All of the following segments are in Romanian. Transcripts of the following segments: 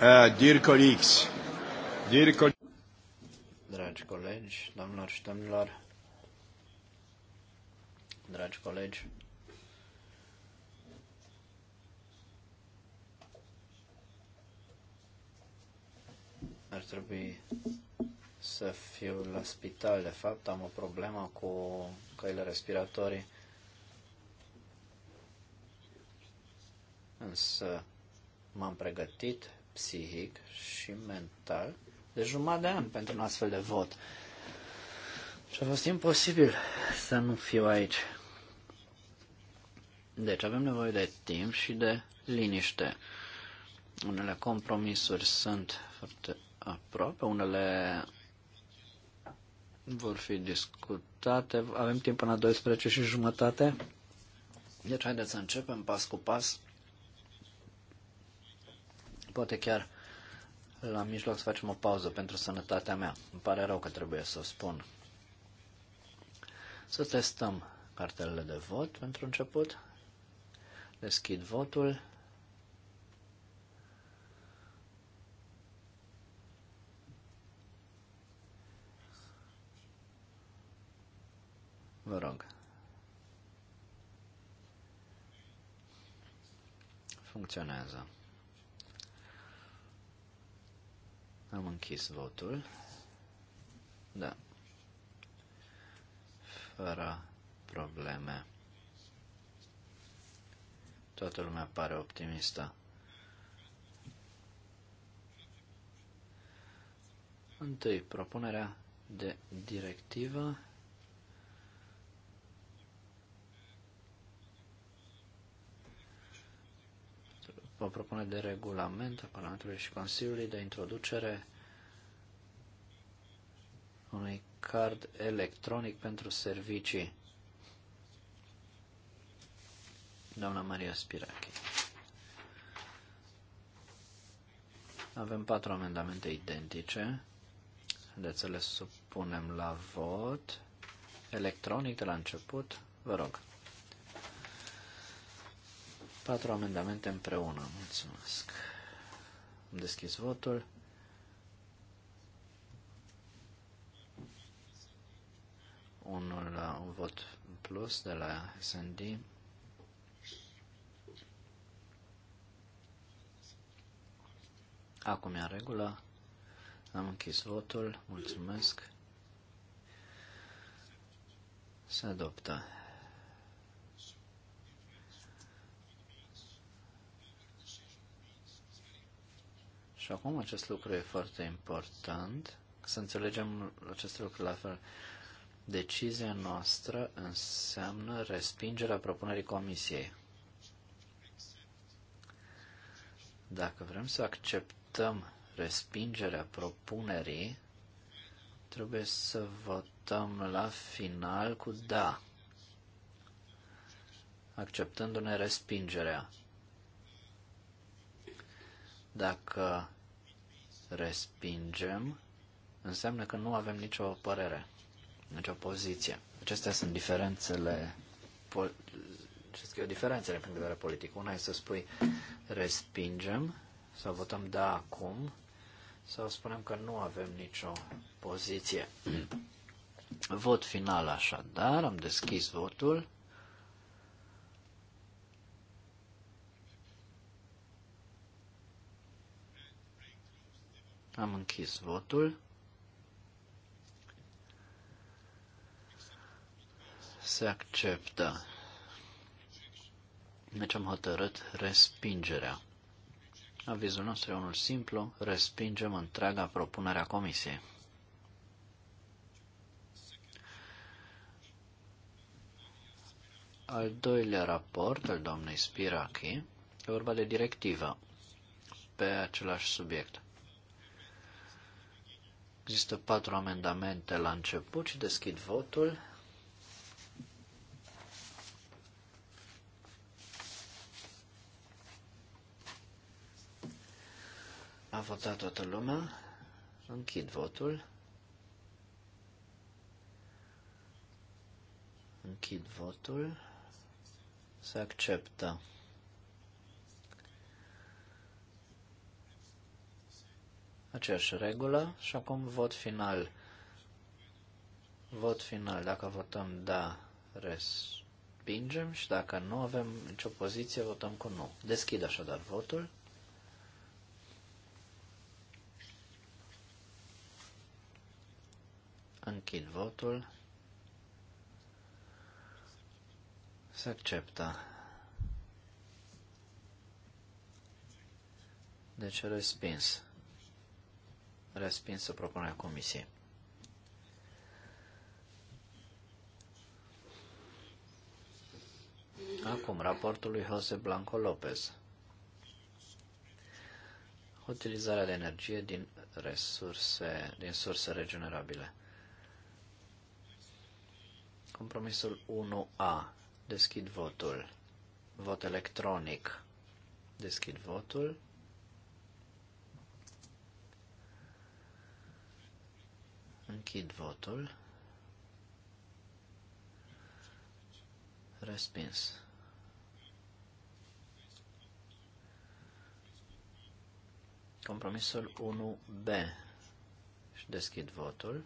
Uh, dear colleagues, dear co Dragi colegi, doamnelor și domnilor, dragi colegi, ar trebui să fiu la spital, de fapt, am o problemă cu căile respiratorii, însă m-am pregătit psihic și mental de jumătate de an pentru un astfel de vot. Și a fost imposibil să nu fiu aici. Deci avem nevoie de timp și de liniște. Unele compromisuri sunt foarte aproape, unele vor fi discutate. Avem timp până la 12 și jumătate. Deci haideți să începem pas cu pas Poate chiar la mijloc să facem o pauză pentru sănătatea mea. Îmi pare rău că trebuie să o spun. Să testăm cartelele de vot pentru început. Deschid votul. Vă rog. Funcționează. Am închis votul. Da. Fără probleme. Toată lumea pare optimistă. Întâi, propunerea de directivă o propunere de regulament a Parlamentului și Consiliului de introducere unui card electronic pentru servicii. Doamna Maria Spirachi. Avem patru amendamente identice. Haideți să le supunem la vot. Electronic de la început. Vă rog patru amendamente împreună. Mulțumesc. Am deschis votul. Unul la un vot în plus de la SND. Acum e în regulă. Am închis votul. Mulțumesc. Se adoptă. Și acum acest lucru e foarte important, să înțelegem acest lucru la fel. Decizia noastră înseamnă respingerea propunerii comisiei. Dacă vrem să acceptăm respingerea propunerii, trebuie să votăm la final cu da, acceptându-ne respingerea. Dacă respingem, înseamnă că nu avem nicio părere, nicio poziție. Acestea sunt diferențele, știți că e o diferență din punct de vedere politic. Una este să spui respingem sau votăm da acum sau spunem că nu avem nicio poziție. Vot final așadar, am deschis votul. Am închis votul. Se acceptă. Deci am hotărât respingerea. Avizul nostru e unul simplu, respingem întreaga propunere a comisiei. Al doilea raport al doamnei Spiraki e vorba de directivă pe același subiect. Există patru amendamente la început și deschid votul. A votat toată lumea. Închid votul. Închid votul. Se acceptă. aceeași regulă și acum vot final. Vot final, dacă votăm da, respingem și dacă nu avem nicio poziție, votăm cu nu. Deschid așadar votul. Închid votul. Se acceptă. Deci respins respinsă propunerea comisiei. Acum, raportul lui Jose Blanco Lopez. Utilizarea de energie din resurse, din surse regenerabile. Compromisul 1A. Deschid votul. Vot electronic. Deschid votul. Închid votul. Respins. Compromisul 1B. Și deschid votul.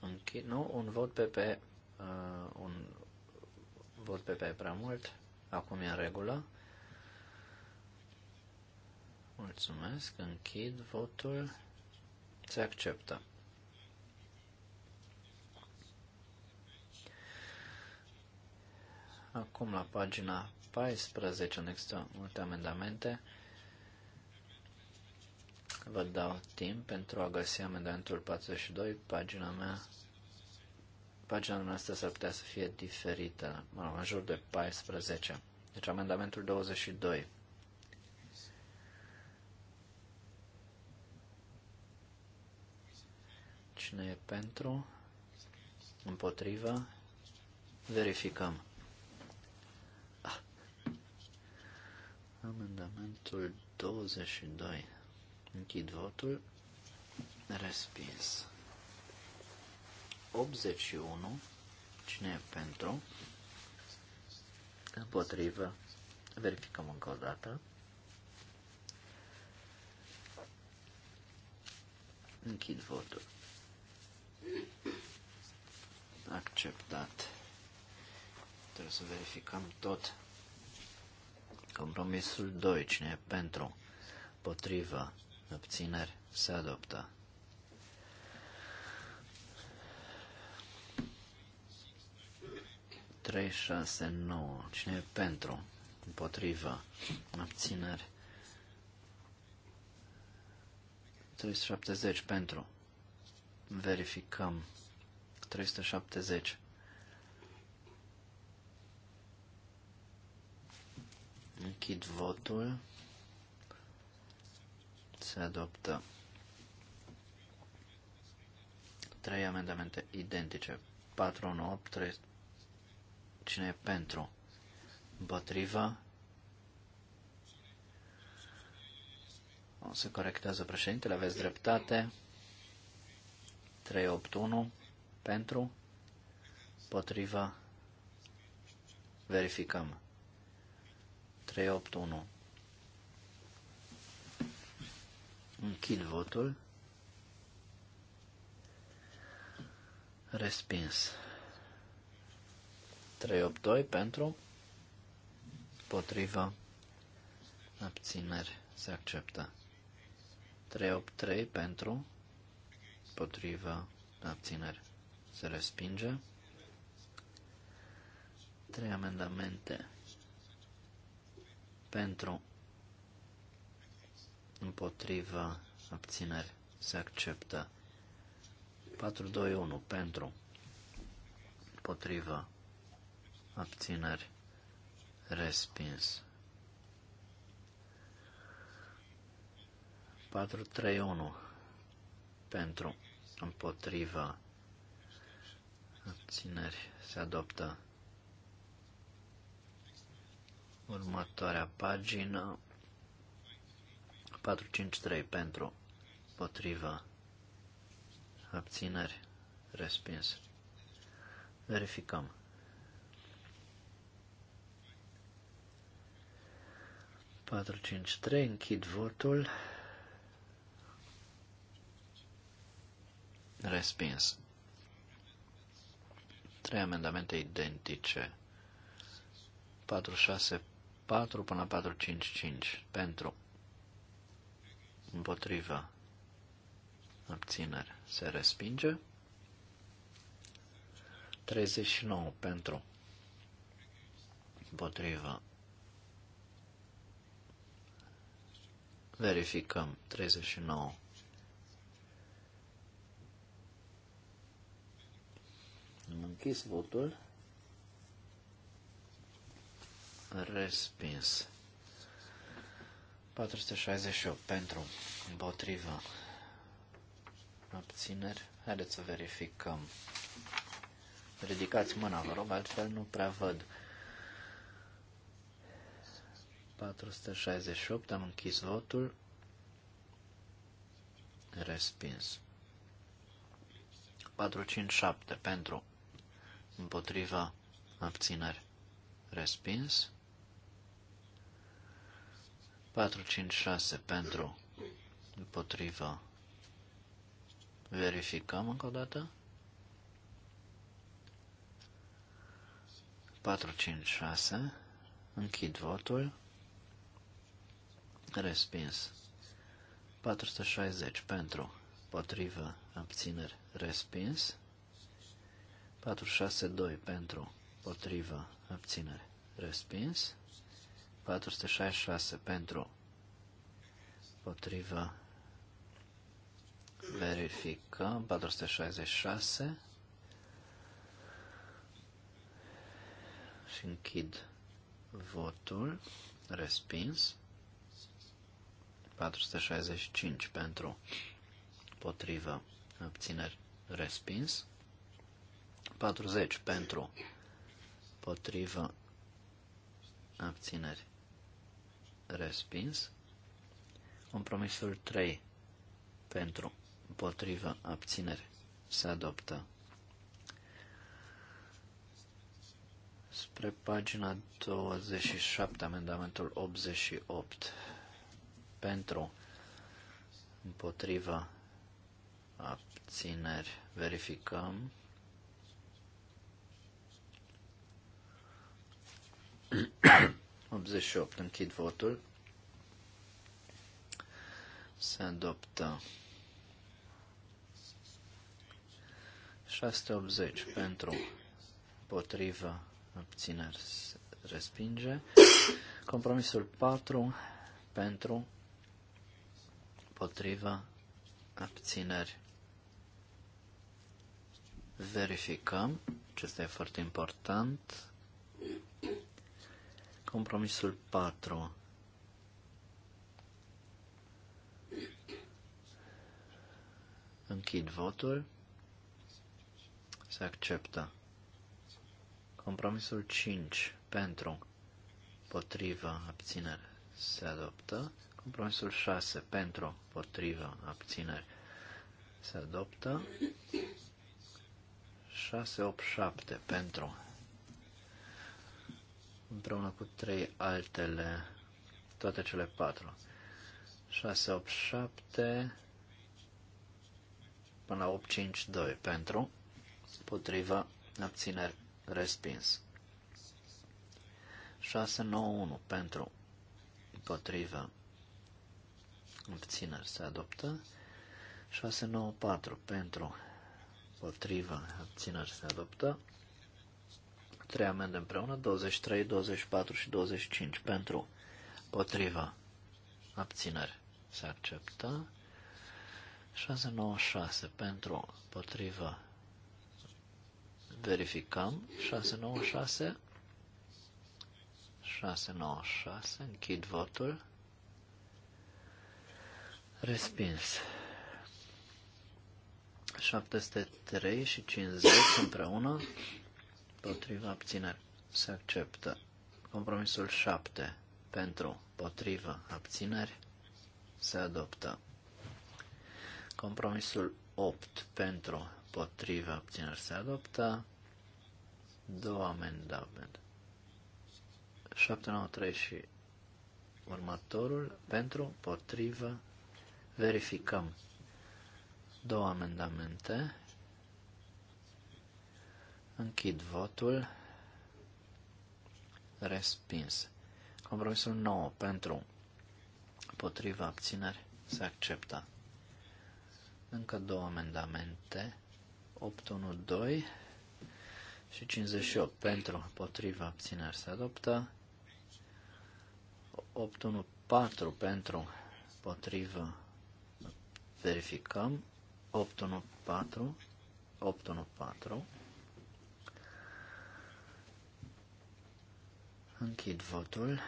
Închid, nu, un vot pe uh, un vot pe prea mult. Acum e în regulă. Mulțumesc. Închid votul. Se acceptă. Acum la pagina 14, unde există multe amendamente, vă dau timp pentru a găsi amendamentul 42. Pagina mea, pagina noastră s-ar putea să fie diferită, mă rog, în jur de 14. Deci amendamentul 22. Cine e pentru? Împotriva? Verificăm. Ah. Amendamentul 22. Închid votul. Respins. 81. Cine e pentru? Împotrivă. Verificăm încă o dată. Închid votul. Acceptat. Trebuie să verificăm tot. Compromisul 2. Cine e pentru? Potrivă. Obțineri. Se adoptă. Trei, șase, nouă. Cine e pentru? Împotrivă. Abțineri. 370 pentru verificăm. 370. Închid votul. Se adoptă trei amendamente identice. 4, 1, 8, 3... cine e pentru? Împotriva? O se corectează președintele, aveți dreptate. 381 pentru, potriva, verificăm. 381. Închid votul. Respins. 382 pentru, potriva, abțineri se acceptă. 383 pentru, împotriva, abțineri, se respinge. Trei amendamente pentru, împotriva, abțineri, se acceptă. 421 pentru, împotriva, abțineri, respins. 431 pentru împotriva, abțineri, se adoptă. Următoarea pagină, 453 pentru, împotriva, abțineri, respins. Verificăm. Patru, cinci, trei, închid votul. Respins. Trei amendamente identice. 464 până 455 pentru împotriva abținere se respinge 39 pentru împotriva verificăm 39 Am închis votul. Respins. 468 pentru, împotriva, abțineri. Haideți să verificăm. Ridicați mâna, vă rog, altfel nu prea văd. 468, am închis votul. Respins. 457 pentru împotriva, abțineri, respins. 4, 5, 6 pentru, împotriva, verificăm încă o dată. 4, 5, 6, închid votul, respins. 460 pentru, potrivă, abțineri, respins. 462 pentru, potrivă, abținere, respins. 466 pentru, potrivă, verifică, 466 și închid votul, respins. 465 pentru, potrivă, abțineri, respins. 40 pentru, potrivă, abțineri, respins. Compromisul 3 pentru, potrivă, abțineri, se adoptă. Spre pagina 27, amendamentul 88, pentru, împotriva, abțineri, verificăm. 88. Închid votul. Se adoptă. 680 pentru potrivă abțineri respinge. Compromisul 4 pentru potrivă abțineri. Verificăm. Acesta e foarte important. Compromisul 4. Închid votul. Se acceptă. Compromisul 5. Pentru. Potrivă. Abținere. Se adoptă. Compromisul 6. Pentru. Potrivă. Abținere. Se adoptă. 6, 8, 7. Pentru împreună cu trei altele, toate cele patru. 6, 8, 7 până la 8, 5, 2 pentru, potriva abțineri respins. 6, 9, 1 pentru, împotriva abțineri se adoptă. 6, 9, 4 pentru, potriva abțineri se adoptă. Trei amende împreună, 23, 24 și 25 pentru, potriva, abținere se acceptă. 696 pentru, potriva, verificăm, 696, 696, închid votul, respins. 703 și 50 împreună potriva, abțineri se acceptă. Compromisul 7 pentru potriva, abțineri se adoptă. Compromisul 8 pentru potriva, abțineri se adoptă. Două amendamente. 7, 9, 3 și următorul pentru potriva, verificăm două amendamente Închid votul. Respins. Compromisul 9 pentru potriva abțineri se acceptă. Încă două amendamente. 812 și 58 pentru potriva abțineri se adoptă. 814 pentru împotriva verificăm. 814 814 Închid votul.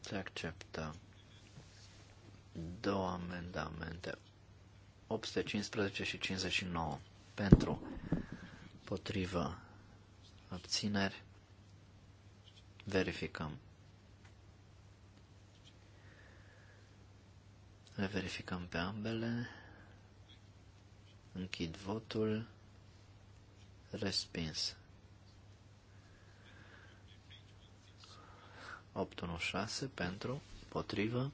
Se acceptă două amendamente. 815 și 59 pentru, potrivă, abțineri, verificăm. Le verificăm pe ambele, închid votul, respins. 816 pentru, potrivă.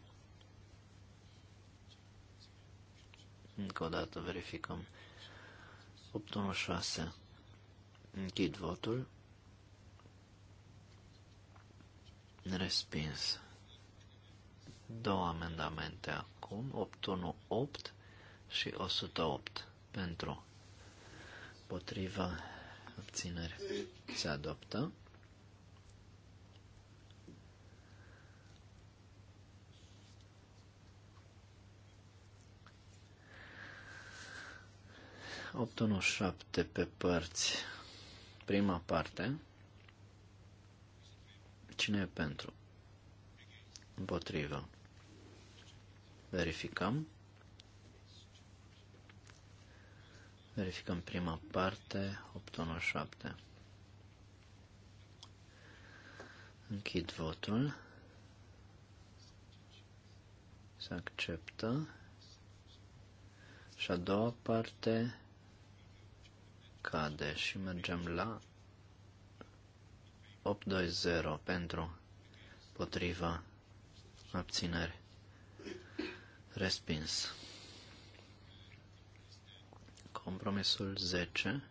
Încă o dată verificăm. 816. Închid votul. Respins. Două amendamente acum, 818 și 108 pentru Potrivă. abținere se adoptă. 817 pe părți. Prima parte. Cine e pentru? Împotrivă. Verificăm. Verificăm prima parte, 817. Închid votul. Se acceptă. Și a doua parte, cade și mergem la 820 pentru potriva abțineri Respins. Compromisul 10.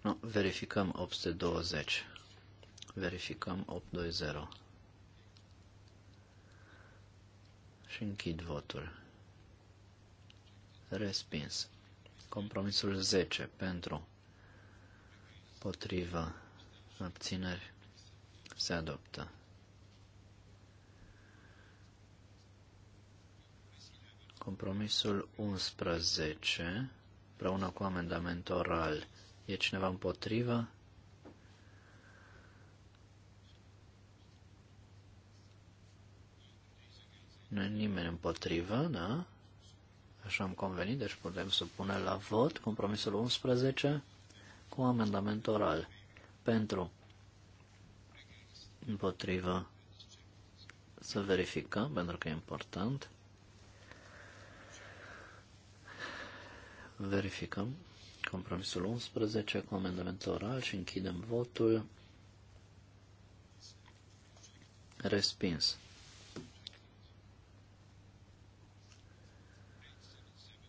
Nu, verificăm 820. Verificăm 820. Și închid votul. Respins. Compromisul 10 pentru potrivă abțineri se adoptă. Compromisul 11 împreună cu amendament oral. E cineva împotrivă? Nu e nimeni împotrivă, da? Așa am convenit, deci putem să punem la vot compromisul 11 cu amendament oral. Pentru, împotrivă, să verificăm, pentru că e important. Verificăm compromisul 11 cu amendament oral și închidem votul. Respins.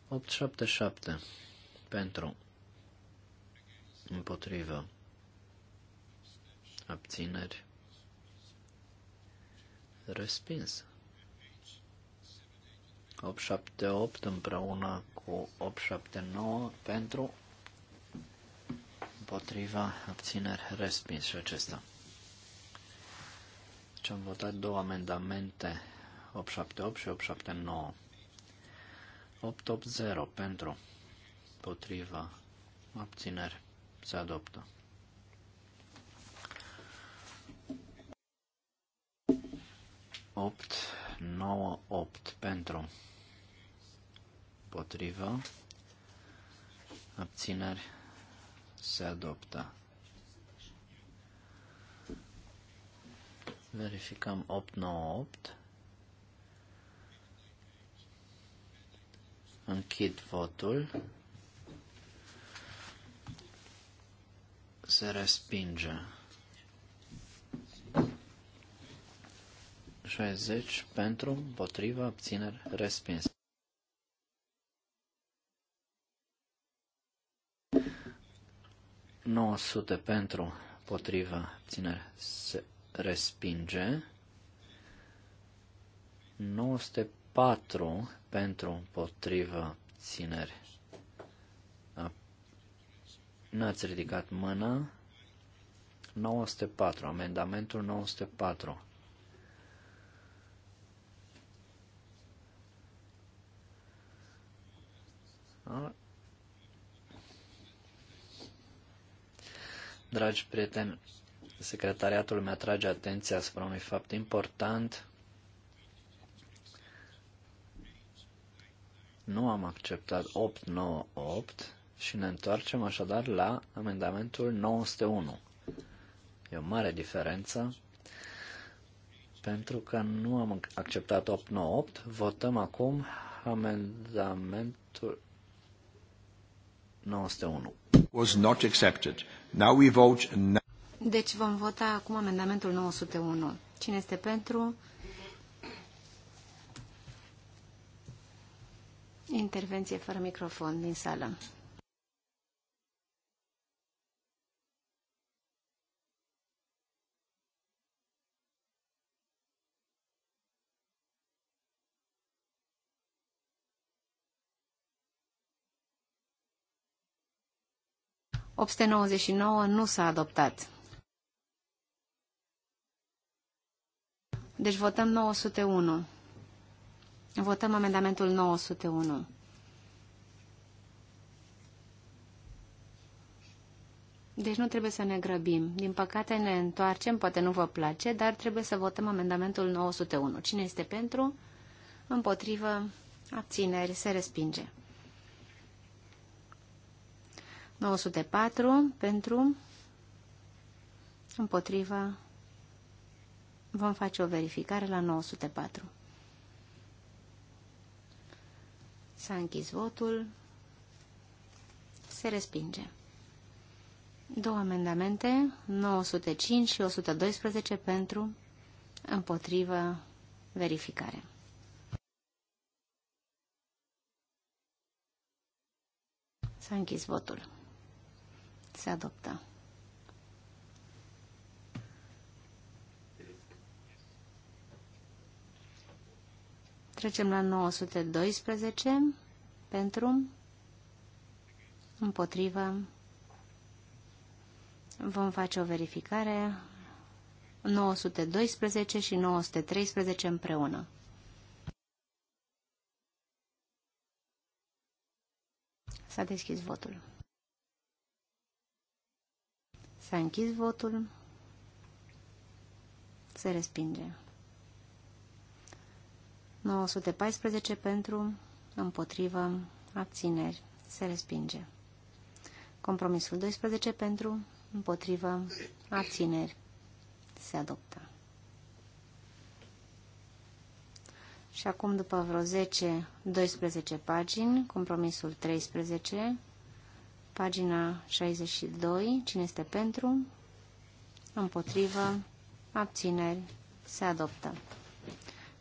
877 pentru împotrivă abțineri respins 878 împreună cu 879 pentru împotriva abțineri respins și acesta deci am votat două amendamente 878 și 879 880 pentru, potriva, abțineri, se adoptă. Opt, nouă, opt pentru, potriva, abțineri, se adoptă. Verificăm opt, opt. Închid votul. Se respinge. 60 pentru, împotriva, abțineri, respins. sute pentru, împotriva, abțineri, se respinge. 900 4 pentru împotrivă țineri. N-ați ridicat mâna. 904, amendamentul 904. Dragi prieteni, secretariatul mi atrage atenția asupra unui fapt important. Nu am acceptat 898 și ne întoarcem așadar la amendamentul 901. E o mare diferență pentru că nu am acceptat 898. Votăm acum amendamentul 901. Was not accepted. Now we vote... Deci vom vota acum amendamentul 901. Cine este pentru? Intervenție fără microfon din sală. Opste 99 nu s-a adoptat. Deci votăm 901. Votăm amendamentul 901. Deci nu trebuie să ne grăbim. Din păcate ne întoarcem, poate nu vă place, dar trebuie să votăm amendamentul 901. Cine este pentru? Împotrivă? Abțineri? Se respinge. 904 pentru? Împotrivă? Vom face o verificare la 904. S-a închis votul. Se respinge. Două amendamente, 905 și 112 pentru împotrivă verificare. S-a închis votul. Se adoptă. Trecem la 912 pentru, împotrivă. Vom face o verificare 912 și 913 împreună. S-a deschis votul. S-a închis votul. Se respinge. 914 pentru, împotrivă, abțineri, se respinge. Compromisul 12 pentru, împotrivă, abțineri, se adoptă. Și acum, după vreo 10-12 pagini, compromisul 13, pagina 62, cine este pentru, împotrivă, abțineri, se adoptă.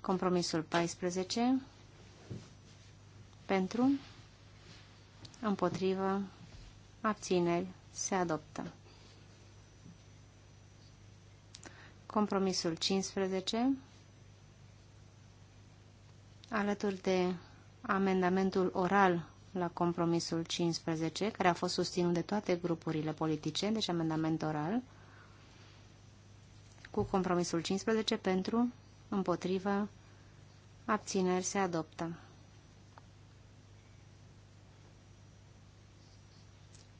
Compromisul 14 pentru, împotrivă, abțineri, se adoptă. Compromisul 15 alături de amendamentul oral la compromisul 15, care a fost susținut de toate grupurile politice, deci amendament oral, cu compromisul 15 pentru, împotrivă, abțineri se adoptă.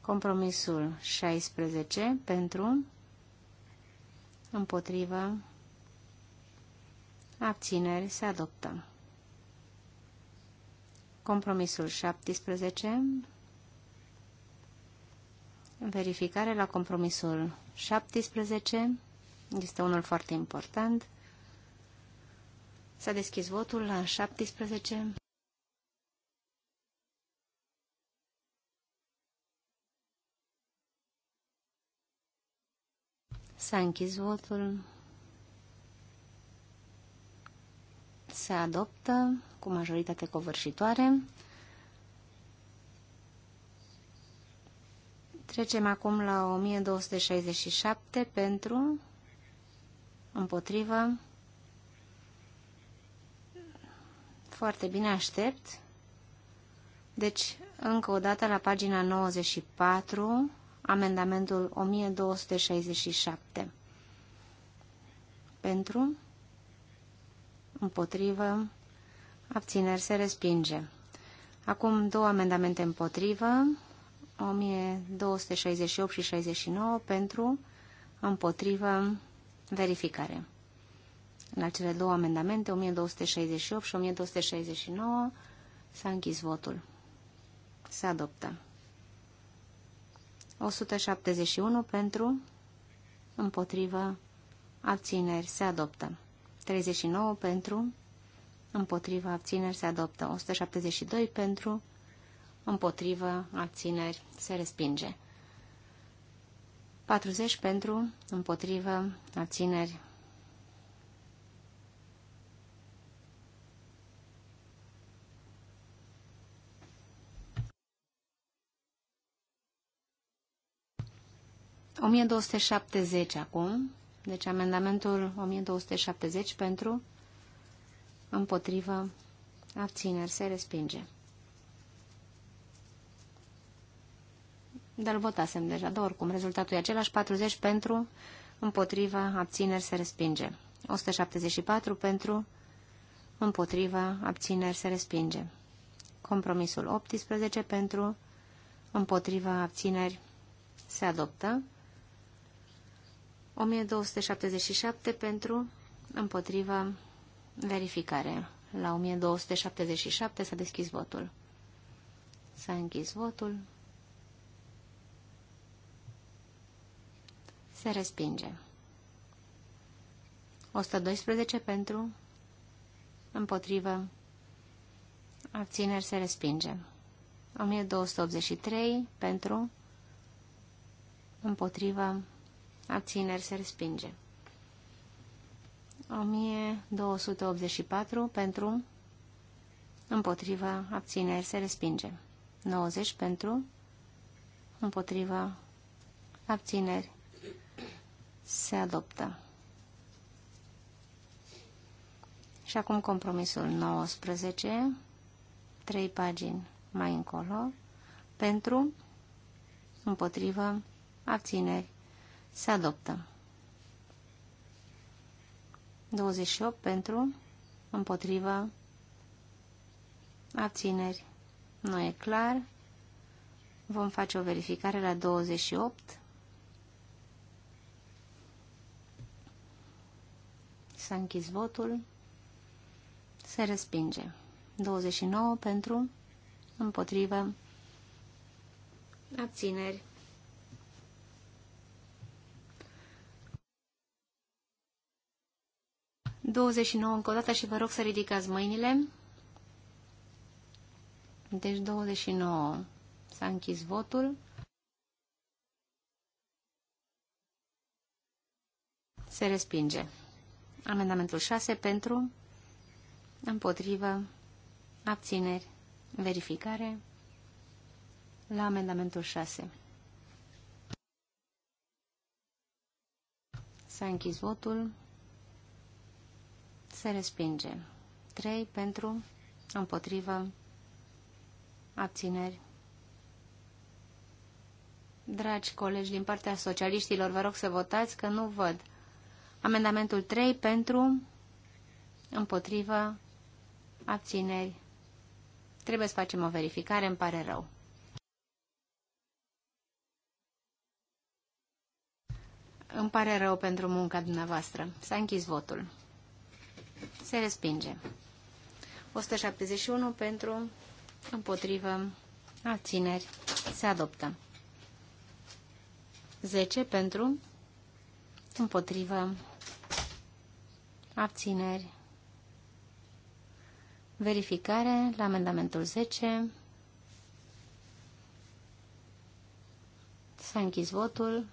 Compromisul 16 pentru, împotrivă, abțineri se adoptă. Compromisul 17 Verificare la compromisul 17 este unul foarte important. S-a deschis votul la 17. S-a închis votul. Se adoptă cu majoritate covârșitoare. Trecem acum la 1267 pentru, împotrivă, Foarte bine, aștept. Deci, încă o dată, la pagina 94, amendamentul 1267. Pentru, împotrivă, abțineri se respinge. Acum două amendamente împotrivă, 1268 și 69, pentru, împotrivă, verificare. În acele două amendamente, 1268 și 1269. S-a închis votul. Se adoptă. 171 pentru, împotrivă, abțineri, se adoptă. 39 pentru, împotrivă, abțineri, se adoptă. 172 pentru, împotrivă, abțineri, se respinge. 40 pentru, împotrivă, abțineri, 1270 acum. Deci amendamentul 1270 pentru, împotrivă, abțineri, se respinge. Dar votasem deja, dar oricum rezultatul e același, 40 pentru, împotriva, abțineri, se respinge. 174 pentru, împotriva, abțineri, se respinge. Compromisul 18 pentru, împotriva, abțineri, se adoptă. 1277 pentru, împotrivă, verificare. La 1277 s-a deschis votul. S-a închis votul. Se respinge. 112 pentru, împotrivă, abțineri se respinge. 1283 pentru, împotrivă, abțineri se respinge. 1284 pentru, împotriva, abțineri se respinge. 90 pentru, împotriva, abțineri se adoptă. Și acum compromisul 19, trei pagini mai încolo, pentru, împotriva abțineri, se adoptă. 28 pentru, împotriva abțineri. Nu e clar. Vom face o verificare la 28. S-a închis votul. Se respinge. 29 pentru, împotriva abțineri. 29 încă o dată și vă rog să ridicați mâinile. Deci 29. S-a închis votul. Se respinge. Amendamentul 6 pentru, împotrivă, abțineri, verificare la amendamentul 6. S-a închis votul se respinge. 3 pentru, împotrivă, abțineri. Dragi colegi din partea socialiștilor, vă rog să votați că nu văd. Amendamentul 3 pentru, împotrivă, abțineri. Trebuie să facem o verificare, îmi pare rău. Îmi pare rău pentru munca dumneavoastră. S-a închis votul. Se respinge. 171 pentru, împotrivă, abțineri. Se adoptă. 10 pentru, împotrivă, abțineri. Verificare la amendamentul 10. S-a închis votul.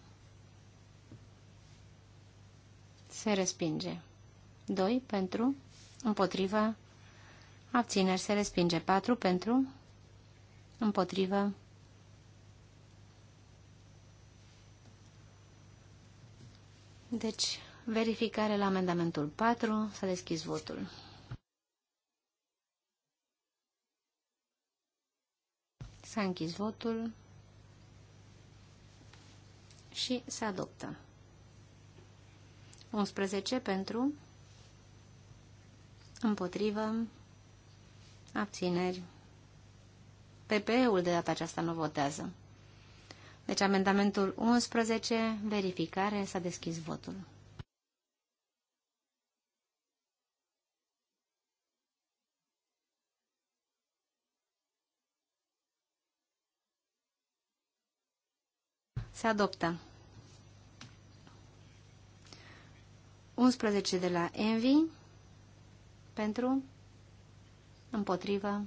Se respinge. 2 pentru, împotrivă, abțineri se respinge. 4 pentru, împotrivă, Deci, verificare la amendamentul 4. S-a deschis votul. S-a închis votul și se adoptă. 11 pentru, împotrivă, abțineri. pp ul de data aceasta nu votează. Deci amendamentul 11, verificare, s-a deschis votul. Se adoptă. 11 de la Envy. Pentru, împotrivă,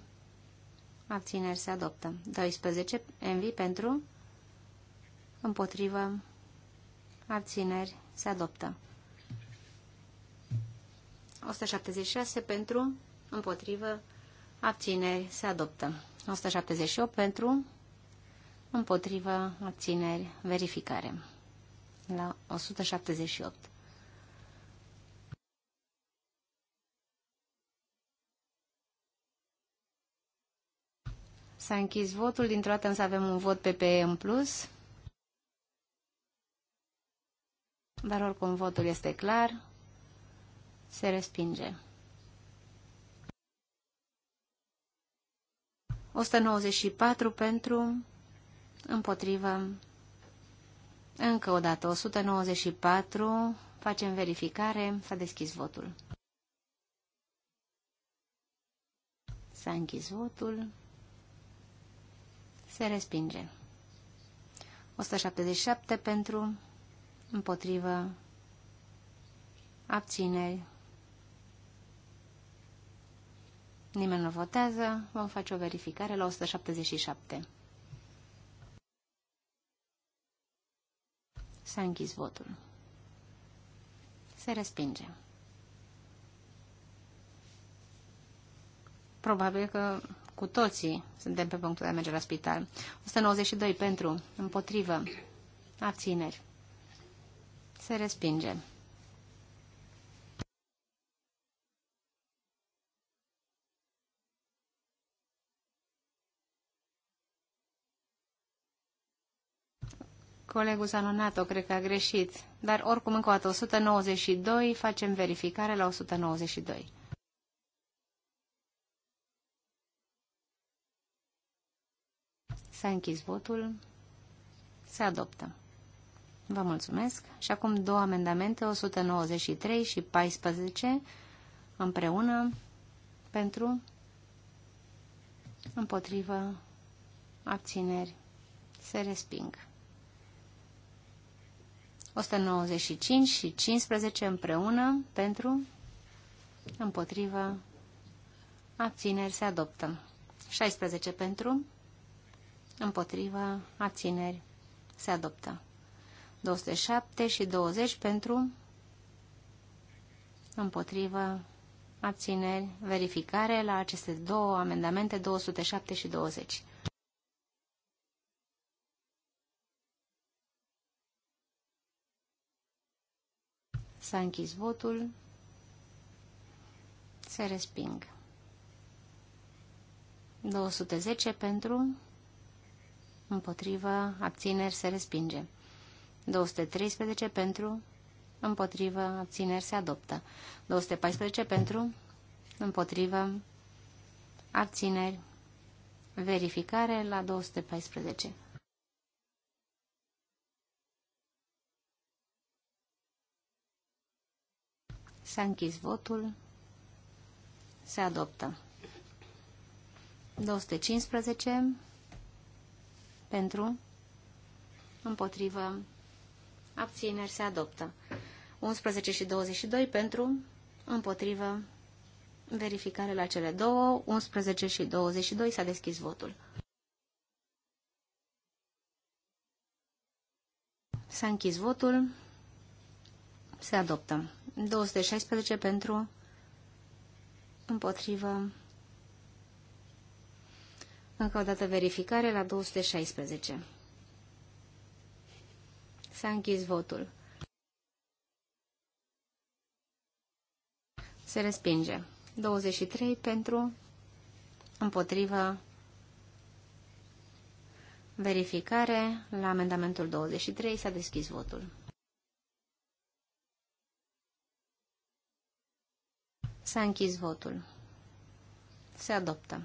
abțineri se adoptă. 12. Envi pentru, împotrivă, abțineri se adoptă. 176 pentru, împotrivă, abțineri se adoptă. 178 pentru, împotrivă, abțineri, verificare. La 178. S-a închis votul, dintr-o dată însă avem un vot PPE în plus. Dar oricum votul este clar. Se respinge. 194 pentru, împotrivă, încă o dată, 194, facem verificare, s-a deschis votul. S-a închis votul se respinge. 177 pentru, împotrivă, abțineri. Nimeni nu votează, vom face o verificare la 177. S-a închis votul. Se respinge. Probabil că cu toții suntem pe punctul de a merge la spital. 192 pentru, împotrivă, abțineri. Se respinge. Colegul o cred că a greșit, dar oricum încă o dată 192, facem verificare la 192. S-a închis votul. Se adoptă. Vă mulțumesc. Și acum două amendamente, 193 și 14, împreună, pentru, împotrivă, abțineri, se resping. 195 și 15 împreună, pentru, împotrivă, abțineri, se adoptă. 16 pentru, împotriva, abțineri, se adoptă. 207 și 20 pentru, împotriva, abțineri, verificare la aceste două amendamente, 207 și 20. S-a închis votul. Se resping. 210 pentru, împotrivă, abțineri, se respinge. 213 pentru, împotrivă, abțineri, se adoptă. 214 pentru, împotrivă, abțineri, verificare la 214. S-a închis votul. Se adoptă. 215 pentru, împotrivă, abțineri se adoptă. 11 și 22 pentru, împotrivă, verificare la cele două, 11 și 22 s-a deschis votul. S-a închis votul, se adoptă. 216 pentru, împotrivă, încă o dată verificare la 216. S-a închis votul. Se respinge. 23 pentru, împotrivă, verificare. La amendamentul 23 s-a deschis votul. S-a închis votul. Se adoptă.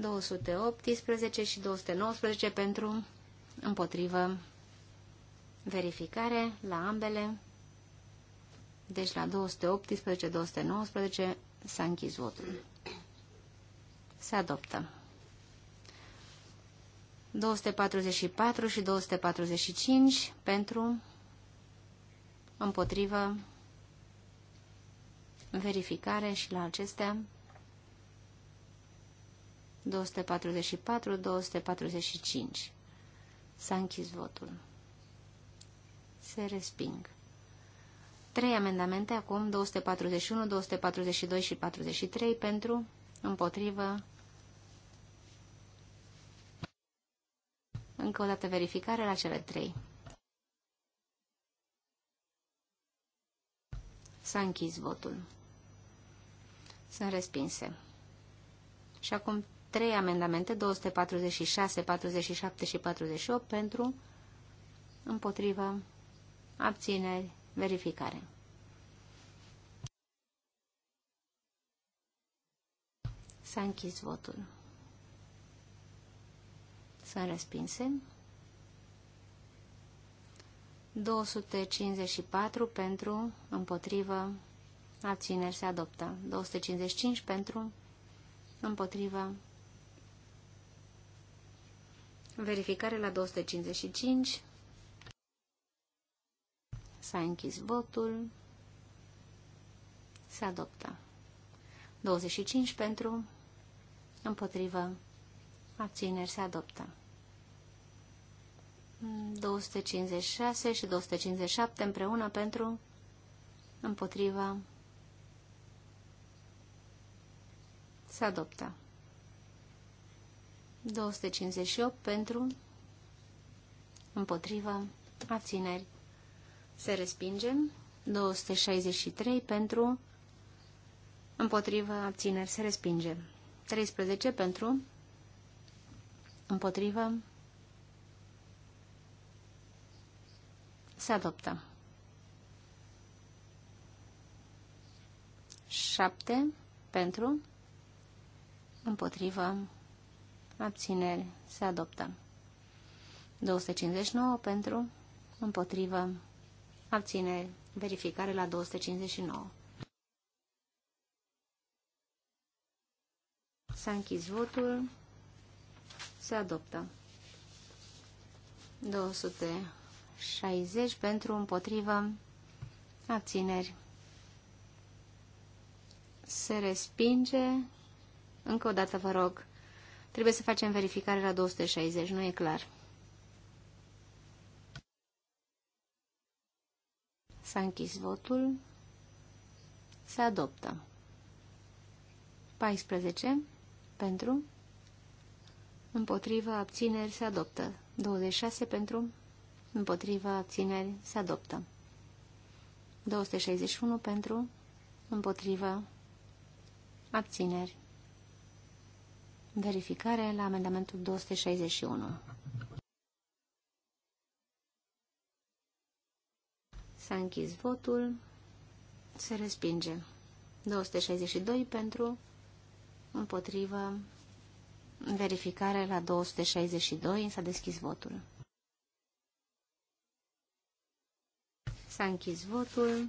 218 și 219 pentru împotrivă verificare la ambele. Deci la 218-219 s-a închis votul. Se adoptă. 244 și 245 pentru împotrivă verificare și la acestea 244, 245. S-a închis votul. Se resping. Trei amendamente acum, 241, 242 și 43 pentru, împotrivă. Încă o dată verificare la cele trei. S-a închis votul. Sunt respinse. Și acum trei amendamente, 246, 47 și 48, pentru, împotrivă, abțineri, verificare. S-a închis votul. Sunt respinse. 254 pentru, împotrivă, abțineri se adoptă. 255 pentru, împotrivă, Verificare la 255. S-a închis votul. Se adoptă. 25 pentru, împotrivă, abțineri se adoptă. 256 și 257 împreună pentru, Împotrivă. se adoptă. 258 pentru, împotriva, abțineri. Se respinge. 263 pentru, împotriva, abțineri. Se respinge. 13 pentru, împotriva, se adoptă. 7 pentru, împotriva, abțineri abțineri, se adoptă. 259 pentru, împotrivă, abțineri, verificare la 259. S-a închis votul, se adoptă. 260 pentru, împotrivă, abțineri. Se respinge. Încă o dată vă rog, Trebuie să facem verificare la 260, nu e clar. S-a închis votul. Se adoptă. 14. Pentru. împotriva abțineri se adoptă. 26 pentru. împotriva abțineri se adoptă. 261 pentru. împotriva abțineri. Verificare la amendamentul 261. S-a închis votul. Se respinge. 262 pentru, împotrivă, verificare la 262, s-a deschis votul. S-a închis votul.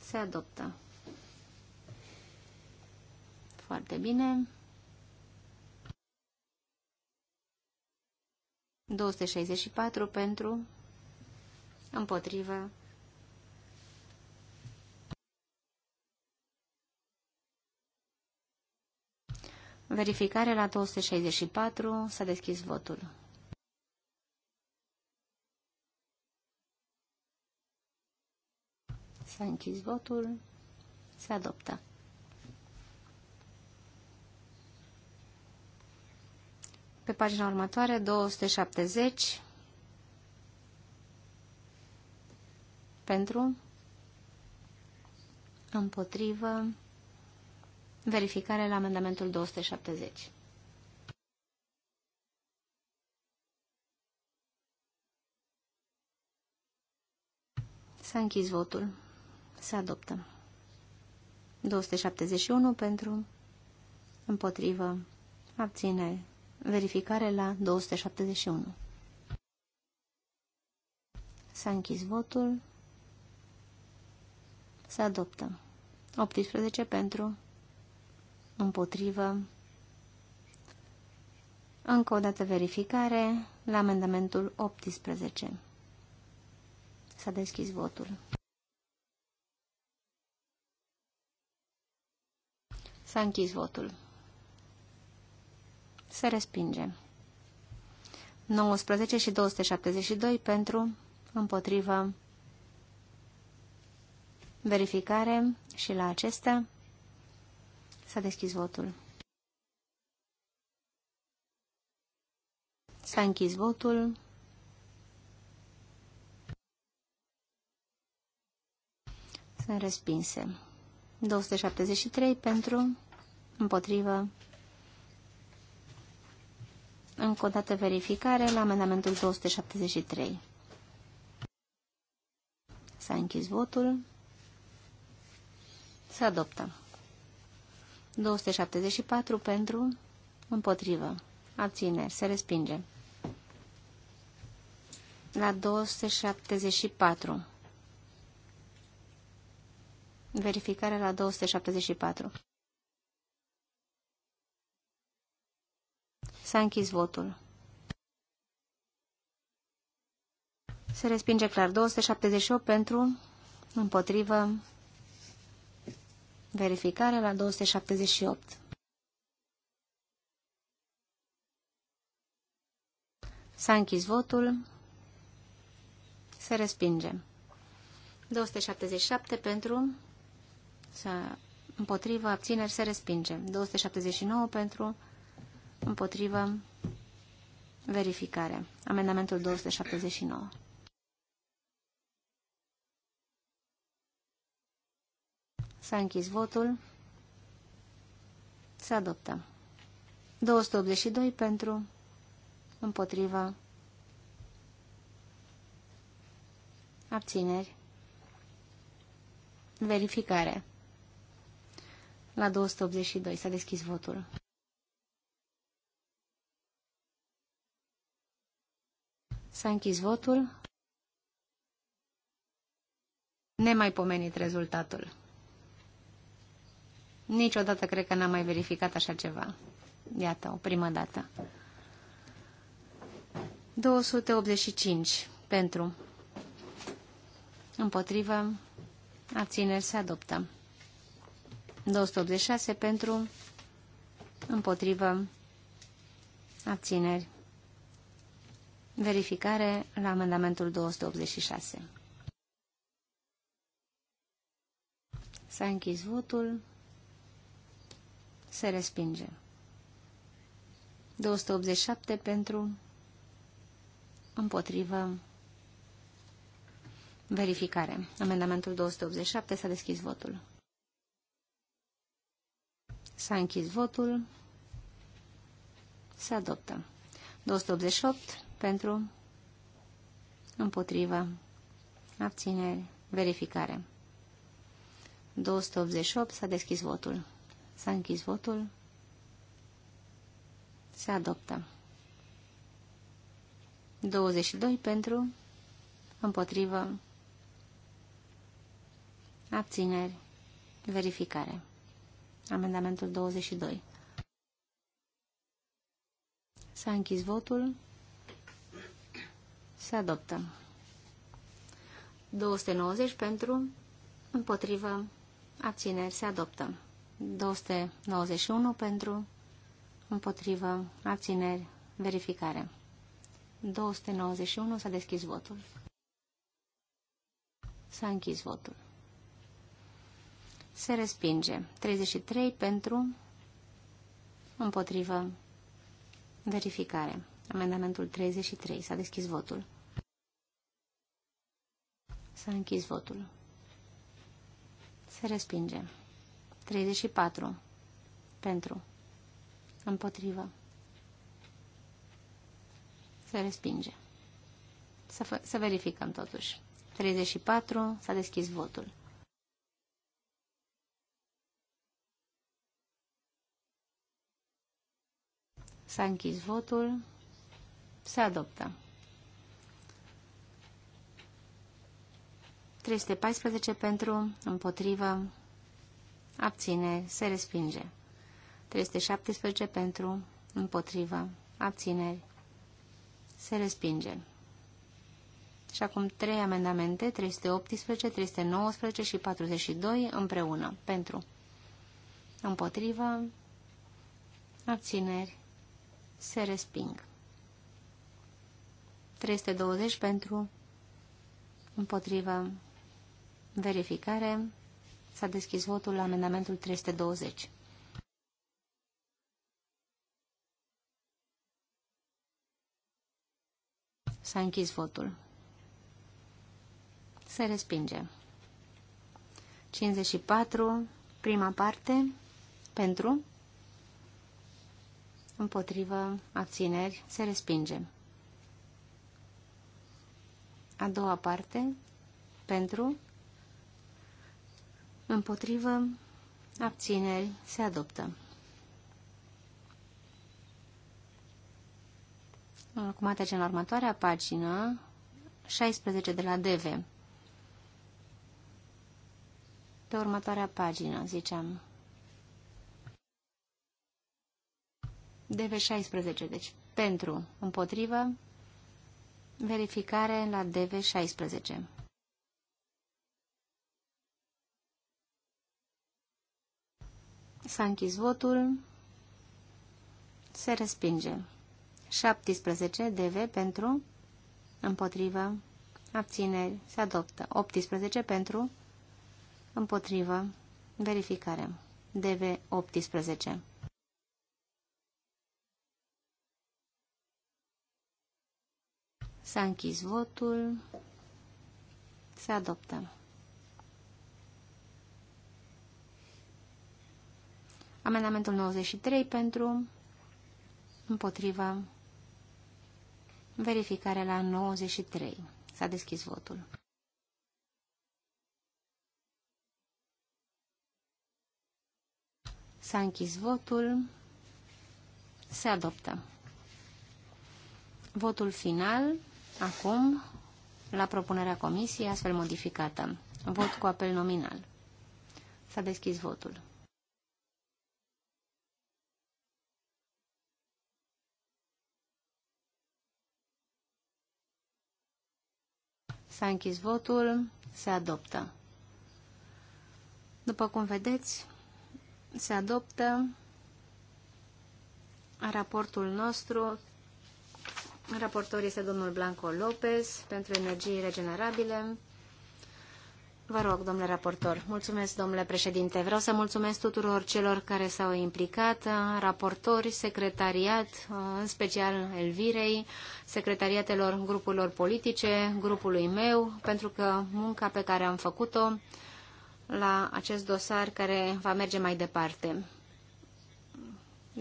Se adoptă. Foarte bine. 264 pentru, împotrivă, Verificare la 264. S-a deschis votul. S-a închis votul. Se adoptă. Pe pagina următoare, 270 pentru, împotrivă, verificare la amendamentul 270. S-a închis votul. Se adoptă. 271 pentru, împotrivă, abținere, Verificare la 271. S-a închis votul. Se adoptă. 18 pentru. Împotrivă. Încă o dată verificare la amendamentul 18. S-a deschis votul. S-a închis votul. Se respinge. 19 și 272 pentru, împotrivă, verificare și la acestea s-a deschis votul. S-a închis votul. Sunt respinse. 273 pentru, împotrivă, încă o dată verificare la amendamentul 273. S-a închis votul. Se adoptă. 274 pentru, împotrivă, abțineri, se respinge. La 274. Verificare la 274. S-a închis votul. Se respinge clar. 278 pentru, împotrivă, verificare la 278. S-a închis votul. Se respinge. 277 pentru, împotrivă, abțineri, se respinge. 279 pentru, Împotrivă. Verificare. Amendamentul 279. S-a închis votul. Se adoptă. 282 pentru, împotriva, abțineri, verificare. La 282 s-a deschis votul. S-a închis votul. Nemaipomenit rezultatul. Niciodată cred că n-am mai verificat așa ceva. Iată, o primă dată. 285 pentru. Împotrivă. Abțineri se adoptă. 286 pentru. Împotrivă. Abțineri Verificare la amendamentul 286. S-a închis votul. Se respinge. 287 pentru, împotrivă, verificare. Amendamentul 287 s-a deschis votul. S-a închis votul. Se adoptă. 288 pentru, împotrivă, abțineri, verificare. 288 s-a deschis votul. S-a închis votul. Se adoptă. 22 pentru, împotrivă, abțineri, verificare. Amendamentul 22. S-a închis votul. Se adoptă. 290 pentru, împotrivă, abțineri. Se adoptă. 291 pentru, împotrivă, abțineri, verificare. 291 s-a deschis votul. S-a închis votul. Se respinge. 33 pentru, împotrivă, verificare. Amendamentul 33. S-a deschis votul. S-a închis votul. Se respinge. 34. Pentru. Împotrivă. Se respinge. Să, să verificăm totuși. 34. S-a deschis votul. S-a închis votul. Se adoptă. 314 pentru, împotrivă, abține, se respinge. 317 pentru, împotrivă, abțineri, se respinge. Și acum trei amendamente, 318, 319 și 42 împreună, pentru, împotrivă, abțineri, se resping. 320 pentru împotrivă verificare. S-a deschis votul la amendamentul 320. S-a închis votul. Se respinge. 54, prima parte, pentru, împotrivă, abțineri, se respinge. A doua parte, pentru, împotrivă, abțineri, se adoptă. Acum trecem la următoarea pagină, 16 de la DV. Pe următoarea pagină, ziceam. DV16, deci pentru, împotrivă, Verificare la DV16. S-a închis votul. Se respinge. 17 DV pentru, împotrivă, abțineri, se adoptă. 18 pentru, împotrivă, verificare. DV 18. S-a închis votul. Se adoptă. Amendamentul 93 pentru, împotriva, verificare la 93. S-a deschis votul. S-a închis votul. Se adoptă. Votul final Acum, la propunerea comisiei, astfel modificată. Vot cu apel nominal. S-a deschis votul. S-a închis votul, se adoptă. După cum vedeți, se adoptă raportul nostru Raportor este domnul Blanco Lopez pentru energii regenerabile. Vă rog, domnule raportor. Mulțumesc, domnule președinte. Vreau să mulțumesc tuturor celor care s-au implicat, raportori, secretariat, în special Elvirei, secretariatelor grupurilor politice, grupului meu, pentru că munca pe care am făcut-o la acest dosar care va merge mai departe.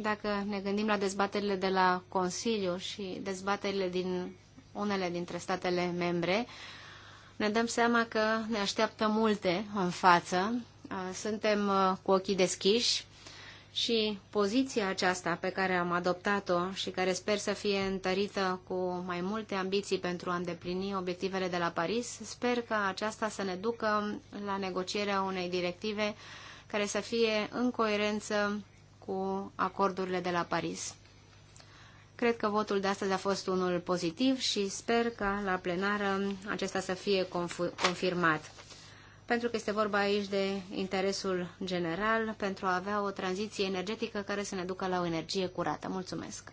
Dacă ne gândim la dezbaterile de la Consiliu și dezbaterile din unele dintre statele membre, ne dăm seama că ne așteaptă multe în față. Suntem cu ochii deschiși și poziția aceasta pe care am adoptat-o și care sper să fie întărită cu mai multe ambiții pentru a îndeplini obiectivele de la Paris, sper că aceasta să ne ducă la negocierea unei directive care să fie în coerență cu acordurile de la Paris. Cred că votul de astăzi a fost unul pozitiv și sper ca la plenară acesta să fie confirmat. Pentru că este vorba aici de interesul general pentru a avea o tranziție energetică care să ne ducă la o energie curată. Mulțumesc!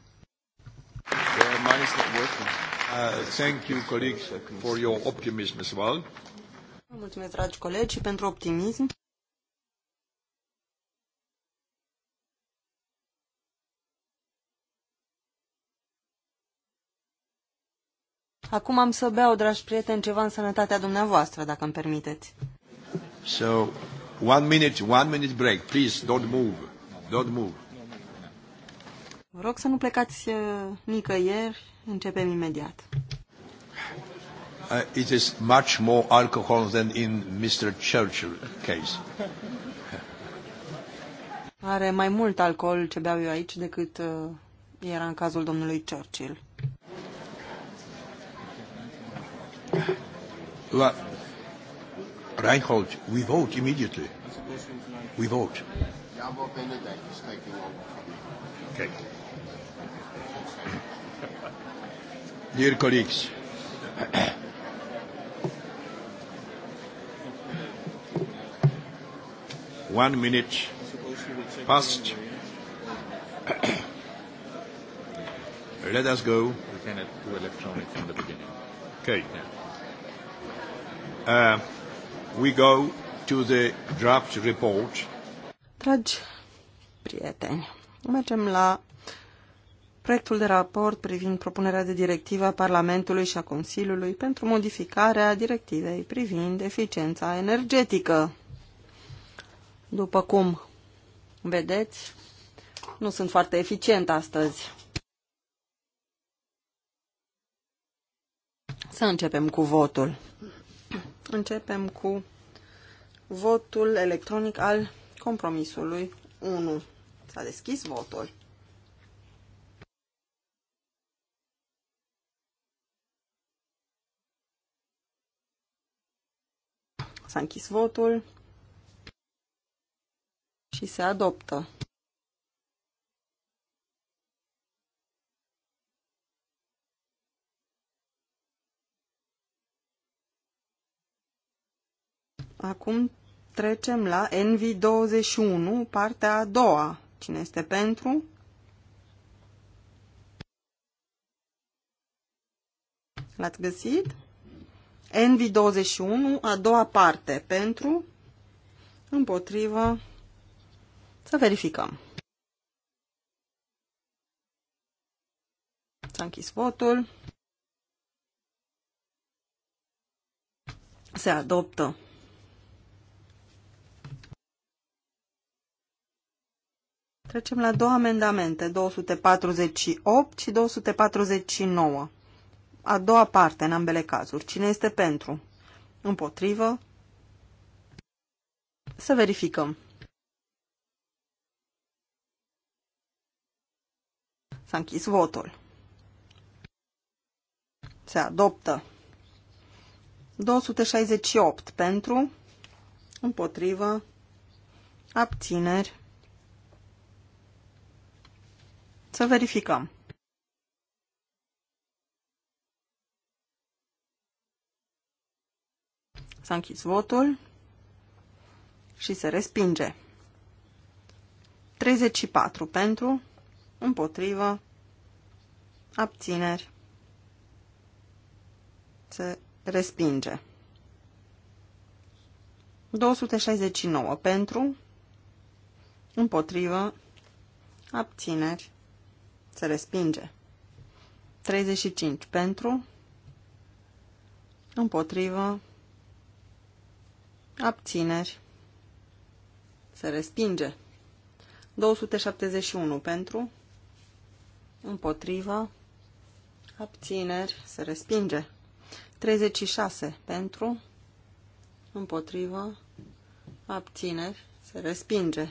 mulțumesc, dragi colegi, și pentru optimism. Acum am să beau, dragi prieteni, ceva în sănătatea dumneavoastră, dacă îmi permiteți. So, one minute, one minute break. Please, don't move. Don't move. Vă rog să nu plecați uh, nicăieri, începem imediat. Uh, it is much more alcohol than in Mr. Churchill case. Are mai mult alcool ce beau eu aici decât uh, era în cazul domnului Churchill. Well, Reinhold, we vote immediately. We vote. Okay. Dear colleagues, one minute past. Let us go. We do electronic from the beginning. Okay. Yeah. Uh, we go to the draft report. Dragi prieteni, mergem la proiectul de raport privind propunerea de directivă a Parlamentului și a Consiliului pentru modificarea directivei privind eficiența energetică. După cum vedeți, nu sunt foarte eficient astăzi. Să începem cu votul. Începem cu votul electronic al compromisului 1. S-a deschis votul. S-a închis votul și se adoptă. Acum trecem la NV21, partea a doua. Cine este pentru? L-ați găsit? NV21, a doua parte, pentru, împotrivă, să verificăm. S-a închis votul. Se adoptă Trecem la două amendamente, 248 și 249. A doua parte în ambele cazuri. Cine este pentru? Împotrivă? Să verificăm. S-a închis votul. Se adoptă. 268 pentru, împotrivă, abțineri. Să verificăm. S-a închis votul și se respinge. 34 pentru, împotrivă, abțineri, se respinge. 269 pentru, împotrivă, abțineri, se respinge. 35 pentru. Împotrivă. Abțineri. Se respinge. 271 pentru. Împotrivă. Abțineri. Se respinge. 36 pentru. Împotrivă. Abțineri. Se respinge.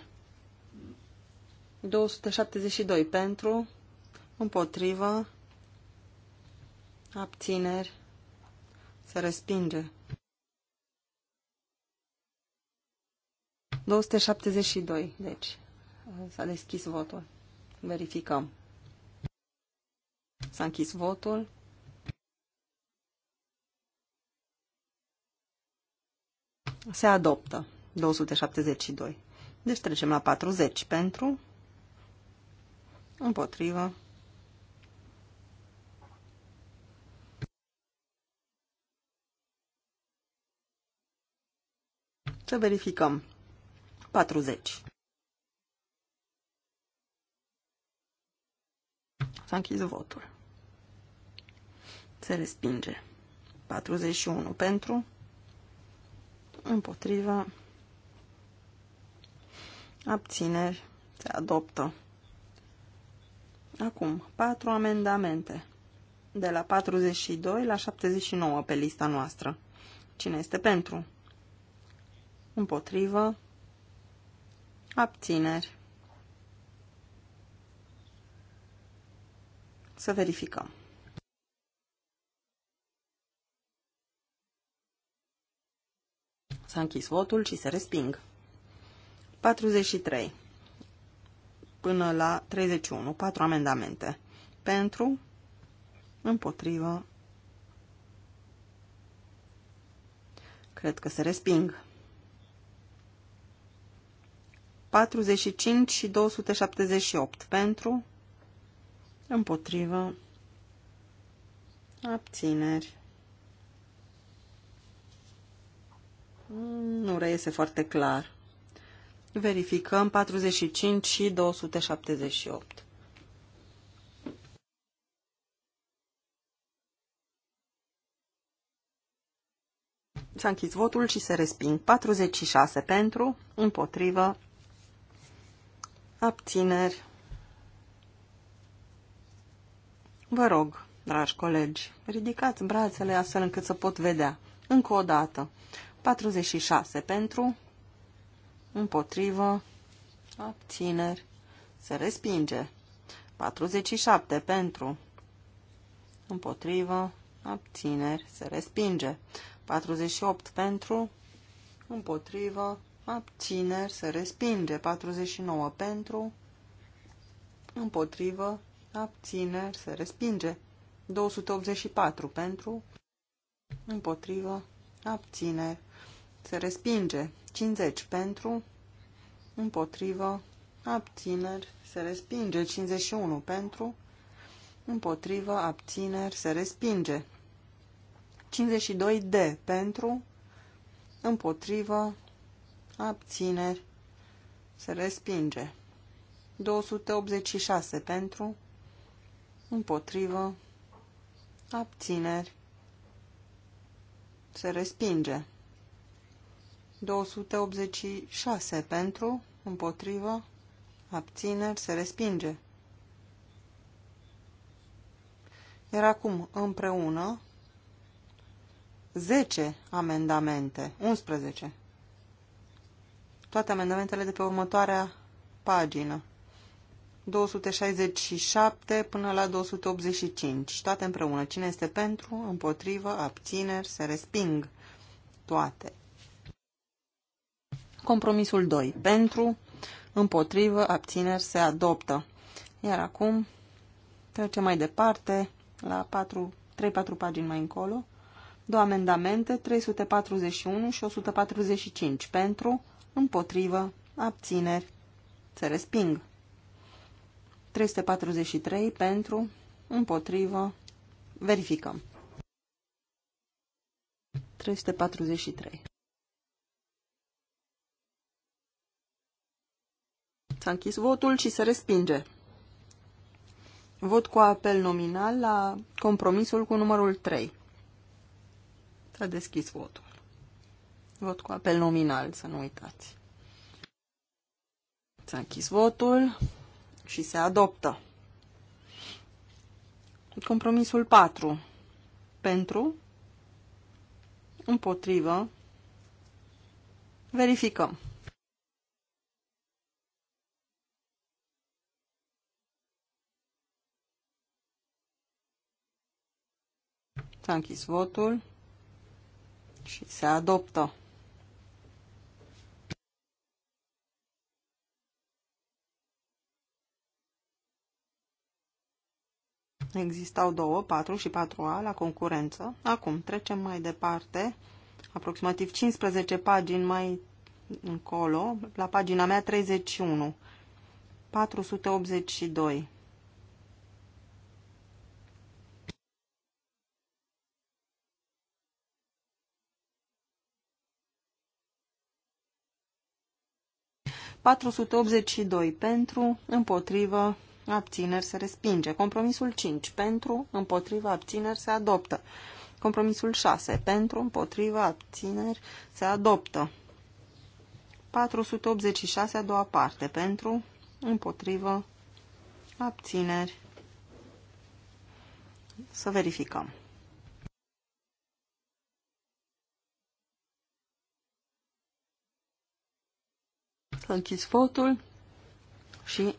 272 pentru împotrivă, abțineri, se respinge. 272, deci s-a deschis votul. Verificăm. S-a închis votul. Se adoptă 272. Deci trecem la 40 pentru, împotrivă, Să verificăm. 40. S-a închis votul. Se respinge. 41 pentru. Împotriva. Abțineri. Se adoptă. Acum, patru amendamente. De la 42 la 79 pe lista noastră. Cine este pentru? împotrivă, abțineri. Să verificăm. S-a închis votul și se resping. 43 până la 31, 4 amendamente. Pentru, împotrivă, cred că se resping. 45 și 278 pentru, împotrivă, abțineri. Nu reiese foarte clar. Verificăm 45 și 278. S-a închis votul și se resping 46 pentru, împotrivă, Abțineri. Vă rog, dragi colegi, ridicați brațele astfel încât să pot vedea. Încă o dată. 46 pentru, împotrivă, abțineri, se respinge. 47 pentru, împotrivă, abțineri, se respinge. 48 pentru, împotrivă, abțineri, se respinge. 49 pentru, împotrivă, abțineri, se respinge. 284 pentru, împotrivă, abțineri, se respinge. 50 pentru, împotrivă, abțineri, se respinge. 51 pentru, împotrivă, abțineri, se respinge. 52 D pentru, împotrivă, abțineri, se respinge. 286 pentru, împotrivă, abțineri, se respinge. 286 pentru, împotrivă, abțineri, se respinge. Iar acum, împreună, 10 amendamente, 11 toate amendamentele de pe următoarea pagină. 267 până la 285. Toate împreună. Cine este pentru, împotrivă, abțineri, se resping. Toate. Compromisul 2. Pentru, împotrivă, abțineri, se adoptă. Iar acum trecem mai departe la 3-4 pagini mai încolo. Două amendamente, 341 și 145. Pentru, împotrivă, abțineri, se resping. 343 pentru, împotrivă, verificăm. 343. S-a închis votul și se respinge. Vot cu apel nominal la compromisul cu numărul 3. S-a deschis votul. Vot cu apel nominal, să nu uitați. S-a închis votul și se adoptă. Compromisul 4. Pentru, împotrivă, verificăm. S-a închis votul și se adoptă. Existau două, patru și patru a la concurență. Acum trecem mai departe, aproximativ 15 pagini mai încolo, la pagina mea 31, 482. patru pentru împotrivă abțineri se respinge. Compromisul 5 pentru, împotriva, abțineri se adoptă. Compromisul 6 pentru, împotriva, abțineri se adoptă. 486 a doua parte pentru, împotriva, abțineri. Să verificăm. închis votul și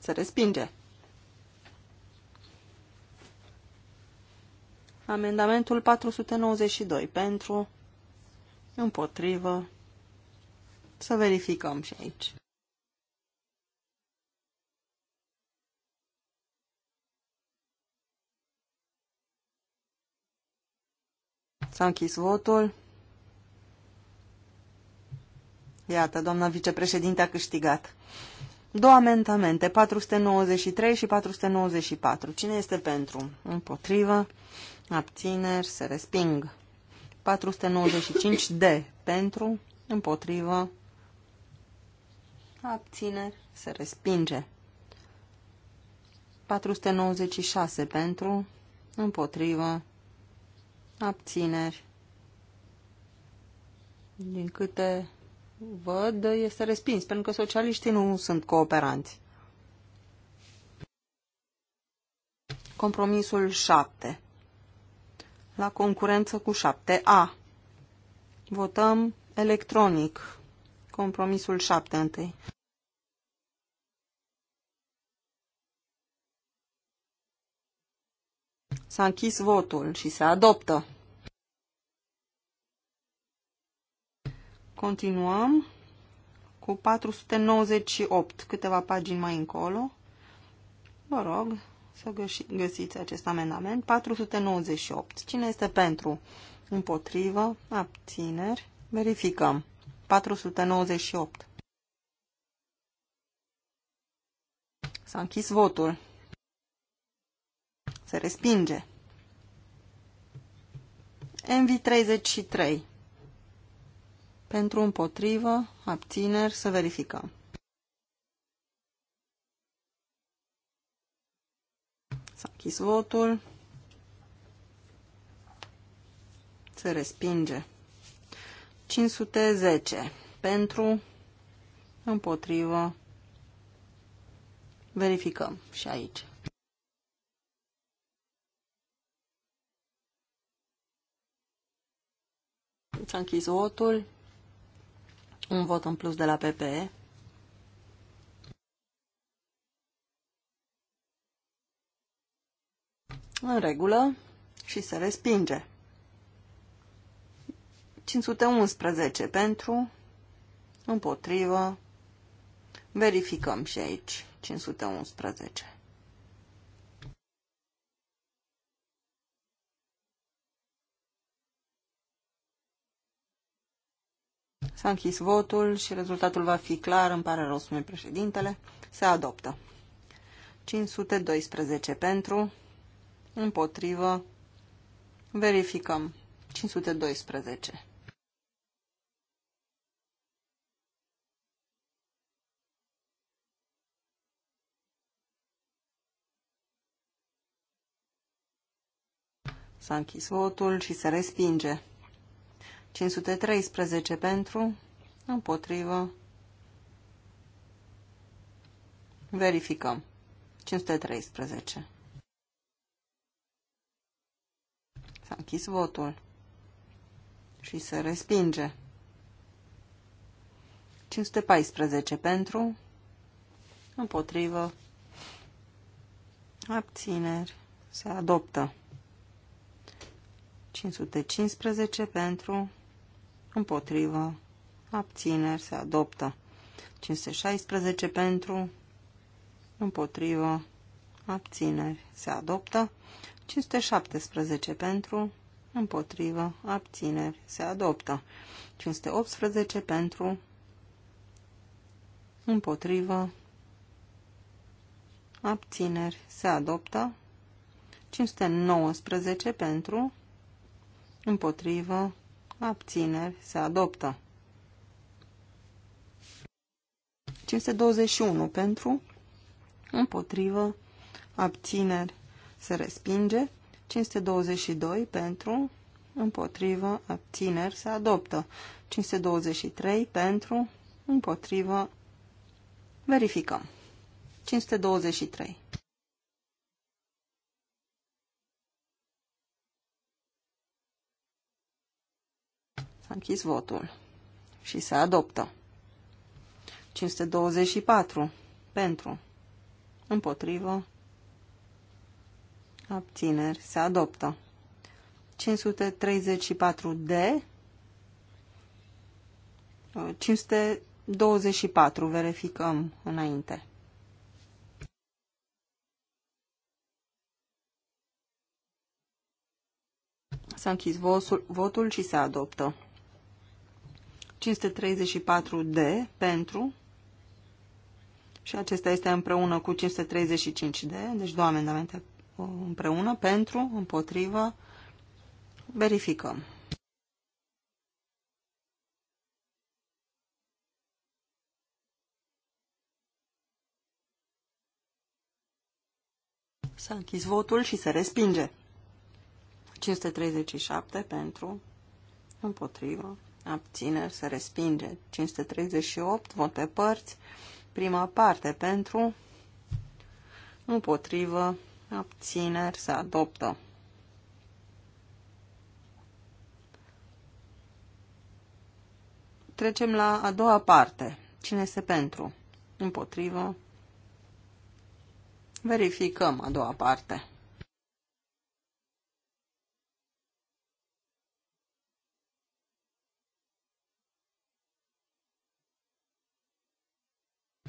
se respinge. Amendamentul 492 pentru, împotrivă, să verificăm și aici. S-a închis votul. Iată, doamna vicepreședinte a câștigat. Două amendamente, 493 și 494. Cine este pentru? Împotrivă. Abțineri. Se resping. 495 de pentru. Împotrivă. Abțineri. Se respinge. 496 pentru. Împotrivă. Abțineri. Din câte văd, este respins, pentru că socialiștii nu sunt cooperanți. Compromisul 7. La concurență cu 7A. Votăm electronic. Compromisul 7 întâi. S-a închis votul și se adoptă. Continuăm cu 498, câteva pagini mai încolo. Vă rog să găsiți acest amendament. 498. Cine este pentru? Împotrivă? Abțineri? Verificăm. 498. S-a închis votul. Se respinge. MV33 pentru împotrivă, abțineri, să verificăm. S-a închis votul. Se respinge. 510 pentru, împotrivă, verificăm și aici. S-a închis votul un vot în plus de la PPE. În regulă și se respinge. 511 pentru, împotrivă, verificăm și aici 511. S-a închis votul și rezultatul va fi clar, îmi pare rău, spune președintele. Se adoptă. 512 pentru, împotrivă, verificăm. 512. S-a închis votul și se respinge. 513 pentru, împotrivă, verificăm. 513. S-a închis votul și se respinge. 514 pentru, împotrivă, abțineri, se adoptă. 515 pentru, împotrivă, abțineri, se adoptă. 516 pentru, împotrivă, abțineri, se adoptă. 517 pentru, împotrivă, abțineri, se adoptă. 518 pentru, împotrivă, abțineri, se adoptă. 519 pentru, împotrivă, abțineri, se adoptă. 521 pentru, împotrivă, abțineri, se respinge. 522 pentru, împotrivă, abțineri, se adoptă. 523 pentru, împotrivă, verificăm. 523 închis votul. Și se adoptă. 524. Pentru. Împotrivă. Abțineri. Se adoptă. 534 de 524 verificăm înainte. S-a închis votul, și se adoptă. 534D pentru și acesta este împreună cu 535D, deci două amendamente uh, împreună, pentru, împotrivă, verificăm. S-a închis votul și se respinge. 537 pentru, împotrivă, abțineri, se respinge. 538, vot pe părți, prima parte pentru, împotrivă, abțineri, se adoptă. Trecem la a doua parte. Cine este pentru? Împotrivă. Verificăm a doua parte.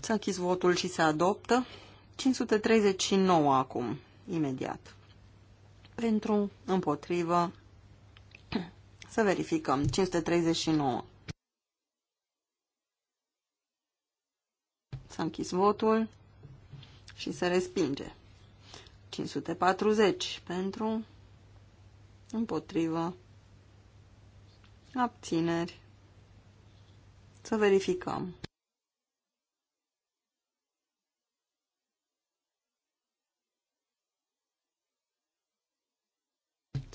S-a închis votul și se adoptă. 539 acum, imediat. Pentru, împotrivă, să verificăm. 539. S-a închis votul și se respinge. 540 pentru, împotrivă, abțineri. Să verificăm.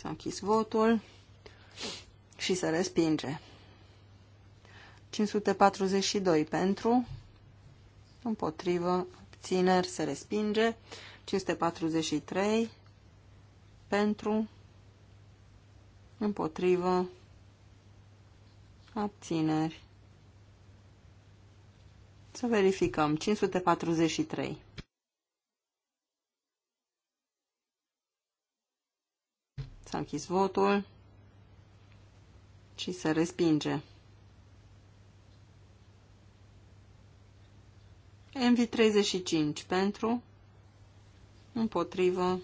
S-a închis votul și se respinge. 542 pentru, împotrivă, abțineri, se respinge. 543 pentru, împotrivă, abțineri. Să verificăm. 543. S-a închis votul și se respinge. MV35 pentru, împotrivă,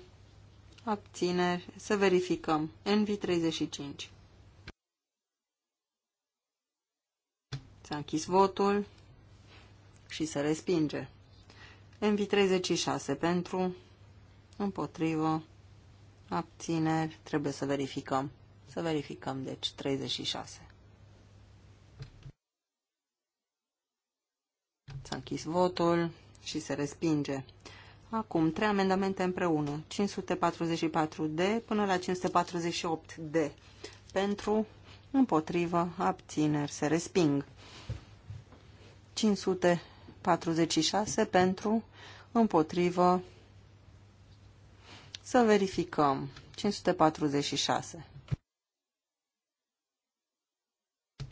abțineri, să verificăm. NV35. S-a închis votul și se respinge. MV36 pentru, împotrivă, abțineri, trebuie să verificăm. Să verificăm, deci, 36. S-a închis votul și se respinge. Acum, trei amendamente împreună, 544D până la 548D. Pentru, împotrivă, abțineri, se resping. 546 pentru, împotrivă, să verificăm. 546.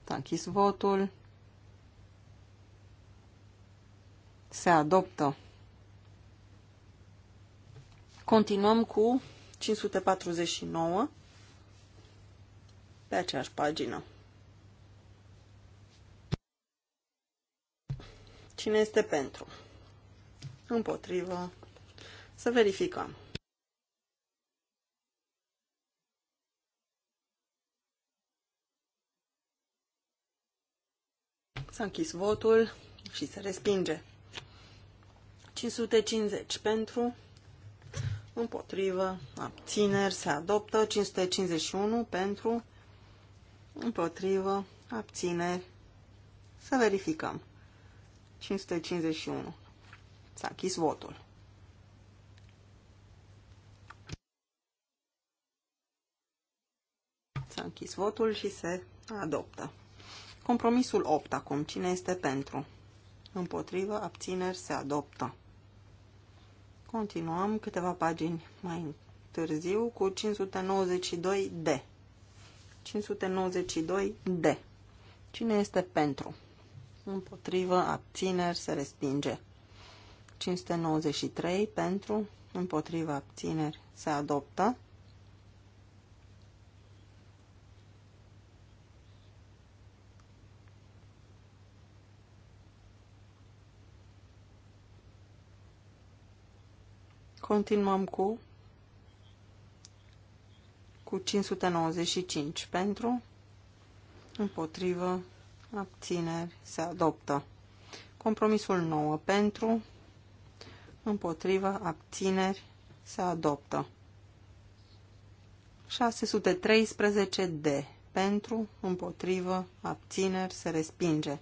S-a închis votul. Se adoptă. Continuăm cu 549 pe aceeași pagină. Cine este pentru? Împotrivă. Să verificăm. S-a închis votul și se respinge. 550 pentru, împotrivă, abțineri, se adoptă. 551 pentru, împotrivă, abțineri. Să verificăm. 551. S-a închis votul. S-a închis votul și se adoptă. Compromisul 8 acum. Cine este pentru? Împotrivă, abțineri, se adoptă. Continuăm câteva pagini mai târziu cu 592D. 592D. Cine este pentru? Împotrivă, abțineri, se respinge. 593 pentru, împotrivă, abțineri, se adoptă. Continuăm cu cu 595 pentru, împotrivă, abțineri, se adoptă. Compromisul 9 pentru, împotrivă, abțineri, se adoptă. 613 de pentru, împotrivă, abțineri, se respinge.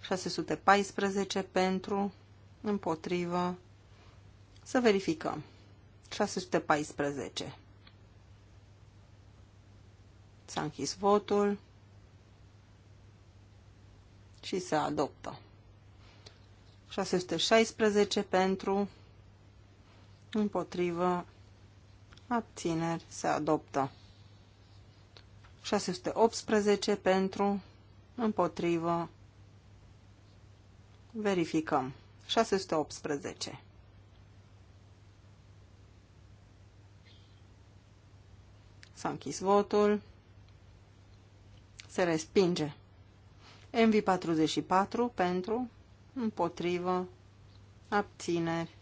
614 pentru, împotrivă, să verificăm. 614. S-a închis votul și se adoptă. 616 pentru, împotrivă, abțineri, se adoptă. 618 pentru, împotrivă, verificăm. 618. S-a închis votul. Se respinge. MV44 pentru, împotrivă, abțineri.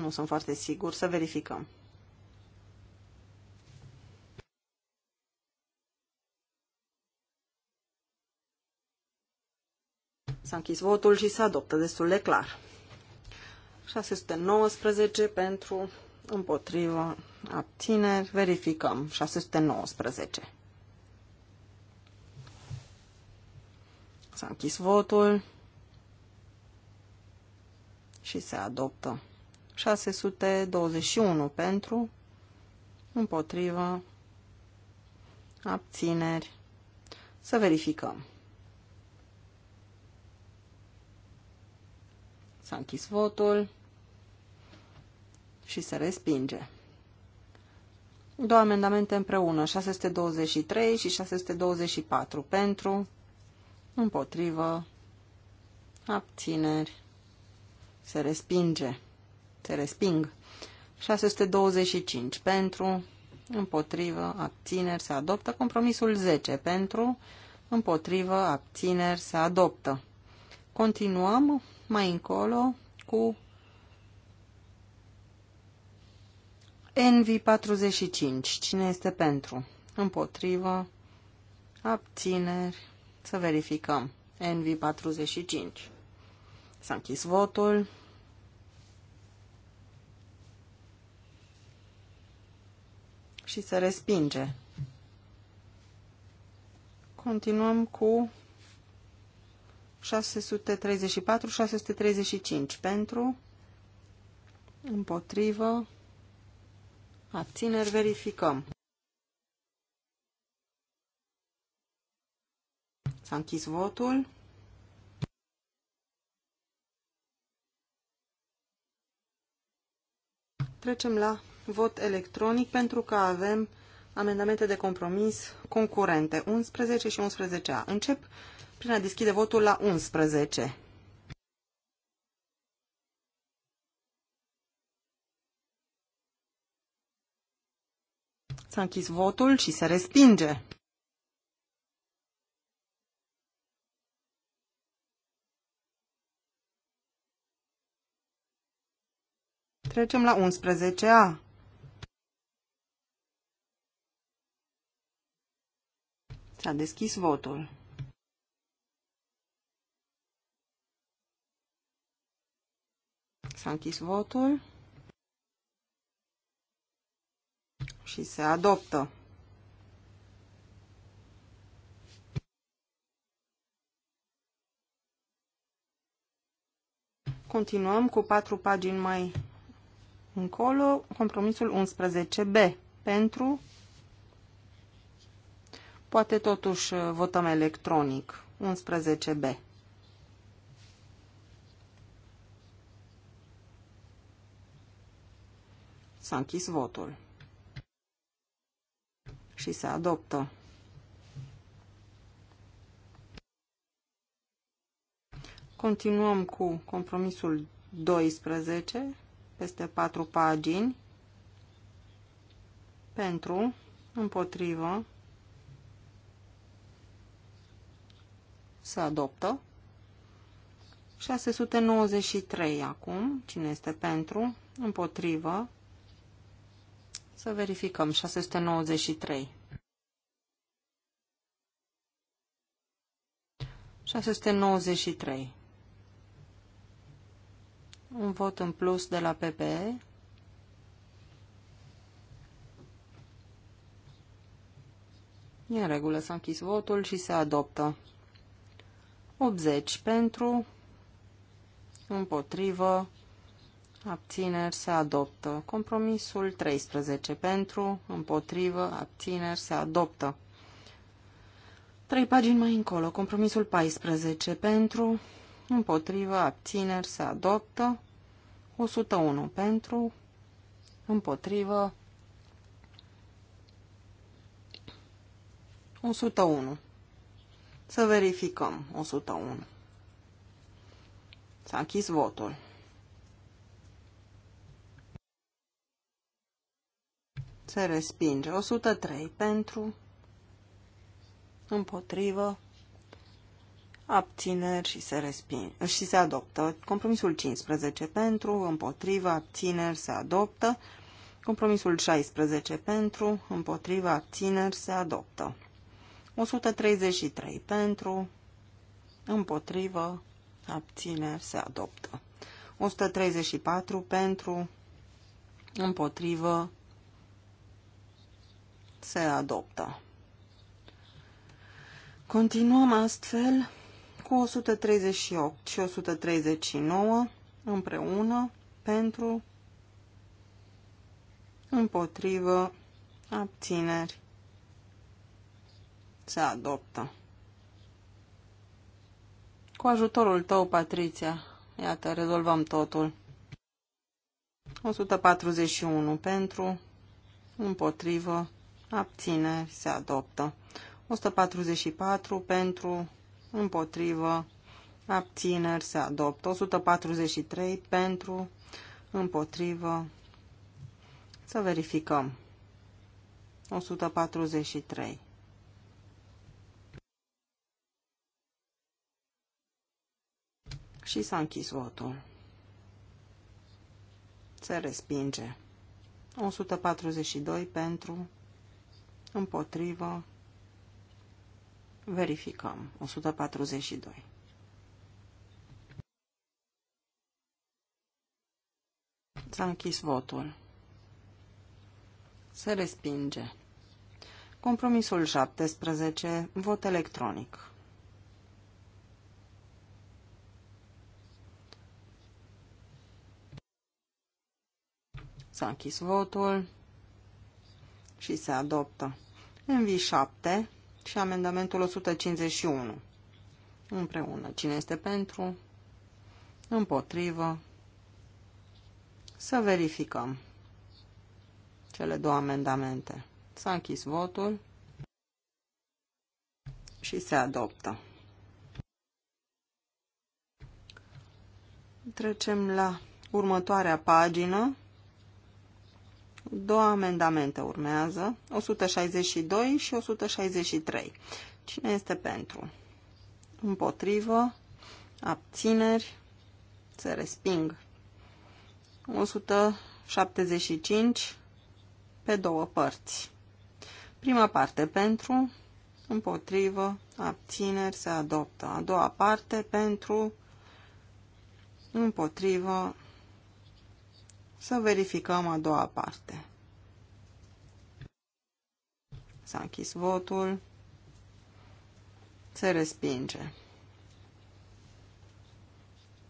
Nu sunt foarte sigur. Să verificăm. S-a închis votul și se adoptă destul de clar. 619 pentru împotrivă, abțineri, verificăm, 619. S-a închis votul și se adoptă. 621 pentru, împotrivă, abțineri. Să verificăm. S-a închis votul și se respinge. Două amendamente împreună, 623 și 624, pentru, împotrivă, abțineri, se respinge, se resping. 625, pentru, împotrivă, abțineri, se adoptă. Compromisul 10, pentru, împotrivă, abțineri, se adoptă. Continuăm mai încolo cu NV45. Cine este pentru? Împotrivă. Abțineri. Să verificăm. NV45. S-a închis votul. Și se respinge. Continuăm cu 634-635 pentru, împotrivă, Abțineri verificăm. S-a închis votul. Trecem la vot electronic pentru că avem amendamente de compromis concurente 11 și 11A. Încep prin a deschide votul la 11. S-a închis votul și se respinge. Trecem la 11A. S-a deschis votul. S-a închis votul. și se adoptă. Continuăm cu patru pagini mai încolo, compromisul 11b. Pentru, poate totuși uh, votăm electronic, 11b. S-a închis votul și se adoptă. Continuăm cu compromisul 12, peste 4 pagini, pentru, împotrivă, se adoptă. 693 acum, cine este pentru, împotrivă, să verificăm. 693. 693. Un vot în plus de la PPE. E în regulă, s-a închis votul și se adoptă. 80 pentru, împotrivă, abțineri se adoptă. Compromisul 13 pentru, împotrivă, abțineri se adoptă. Trei pagini mai încolo, compromisul 14 pentru, împotrivă, abțineri se adoptă. 101 pentru, împotrivă, 101. Să verificăm 101. S-a închis votul. se respinge. 103 pentru, împotrivă, abțineri și se, respinge, și se adoptă. Compromisul 15 pentru, împotrivă, abțineri, se adoptă. Compromisul 16 pentru, împotriva, abțineri, se adoptă. 133 pentru, împotrivă, abțineri, se adoptă. 134 pentru, împotrivă, se adoptă. Continuăm astfel cu 138 și 139 împreună pentru împotrivă abțineri se adoptă. Cu ajutorul tău, Patriția, iată, rezolvăm totul. 141 pentru, împotrivă, abțineri, se adoptă. 144 pentru, împotrivă, abțineri, se adoptă. 143 pentru, împotrivă, să verificăm. 143. Și s-a închis votul. Se respinge. 142 pentru, împotrivă, verificăm, 142. S-a închis votul. Se respinge. Compromisul 17. Vot electronic. S-a închis votul și se adoptă v 7 și amendamentul 151 împreună. Cine este pentru? Împotrivă. Să verificăm cele două amendamente. S-a închis votul și se adoptă. Trecem la următoarea pagină. Două amendamente urmează, 162 și 163. Cine este pentru? Împotrivă, abțineri, se resping. 175 pe două părți. Prima parte pentru, împotrivă, abțineri, se adoptă. A doua parte pentru, împotrivă, să verificăm a doua parte. S-a închis votul. Se respinge.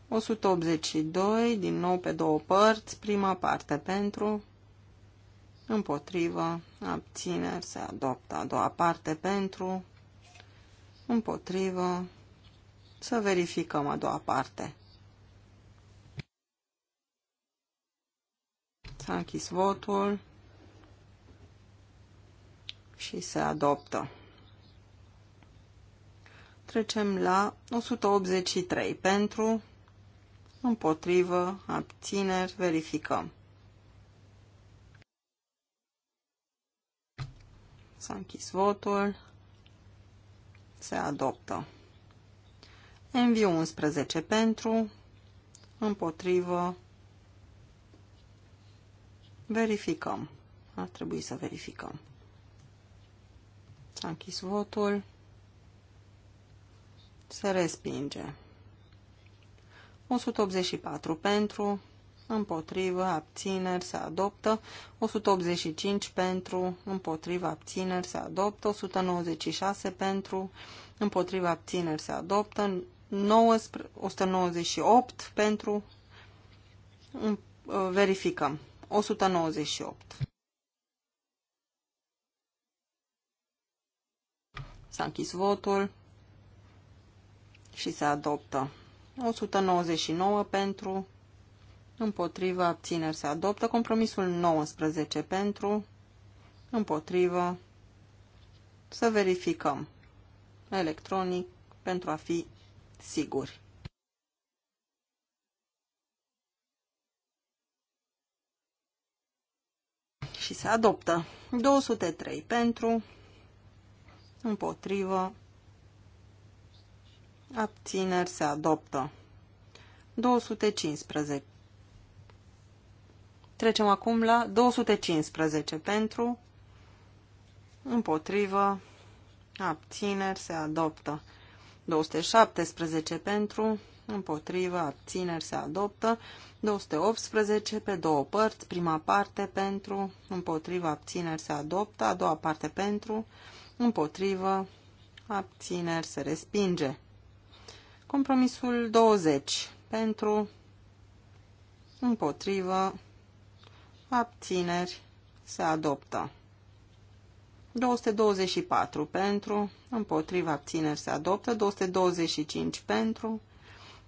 182, din nou pe două părți, prima parte pentru, împotrivă, abțineri, se adoptă a doua parte pentru, împotrivă, să verificăm a doua parte. S-a închis votul și se adoptă. Trecem la 183 pentru, împotrivă, abțineri, verificăm. S-a închis votul. Se adoptă. enviu 11 pentru, împotrivă, Verificăm. Ar trebui să verificăm. S-a închis votul. Se respinge. 184 pentru, împotrivă, abțineri, se adoptă. 185 pentru, împotrivă, abțineri, se adoptă. 196 pentru, împotrivă, abțineri, se adoptă. 198 pentru, verificăm. 198. S-a închis votul și se adoptă. 199 pentru, împotrivă, abțineri se adoptă. Compromisul 19 pentru, împotrivă, să verificăm electronic pentru a fi siguri. și se adoptă. 203 pentru, împotrivă, abțineri se adoptă. 215. Trecem acum la 215 pentru, împotrivă, abțineri se adoptă. 217 pentru, împotrivă, abțineri se adoptă. 218 pe două părți, prima parte pentru, împotrivă, abțineri se adoptă, a doua parte pentru, împotrivă, abțineri se respinge. Compromisul 20 pentru, împotrivă, abțineri se adoptă. 224 pentru, împotriva abțineri se adoptă, 225 pentru,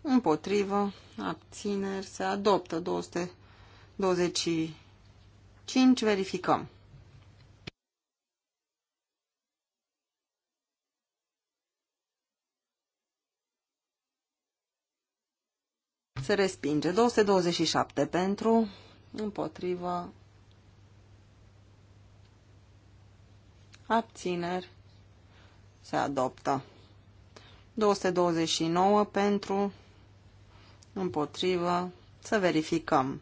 împotrivă, abțineri, se adoptă 225, verificăm. Se respinge 227 pentru, împotrivă, abțineri, se adoptă. 229 pentru, împotrivă, să verificăm.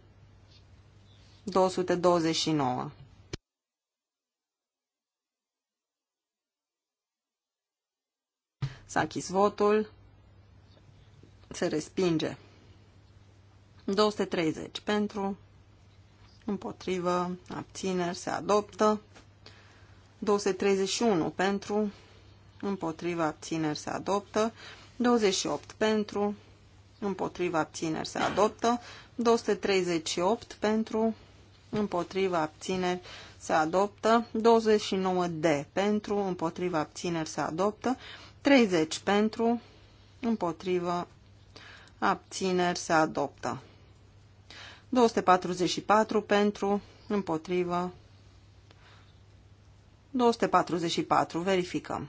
229. S-a închis votul. Se respinge. 230 pentru, împotrivă, abțineri, se adoptă. 231 pentru, împotrivă, abțineri, se adoptă. 28 pentru, împotriva abțineri se adoptă, 238 pentru, împotriva abțineri se adoptă, 29D pentru, împotriva abțineri se adoptă, 30 pentru, împotriva abțineri se adoptă, 244 pentru, împotriva 244, verificăm.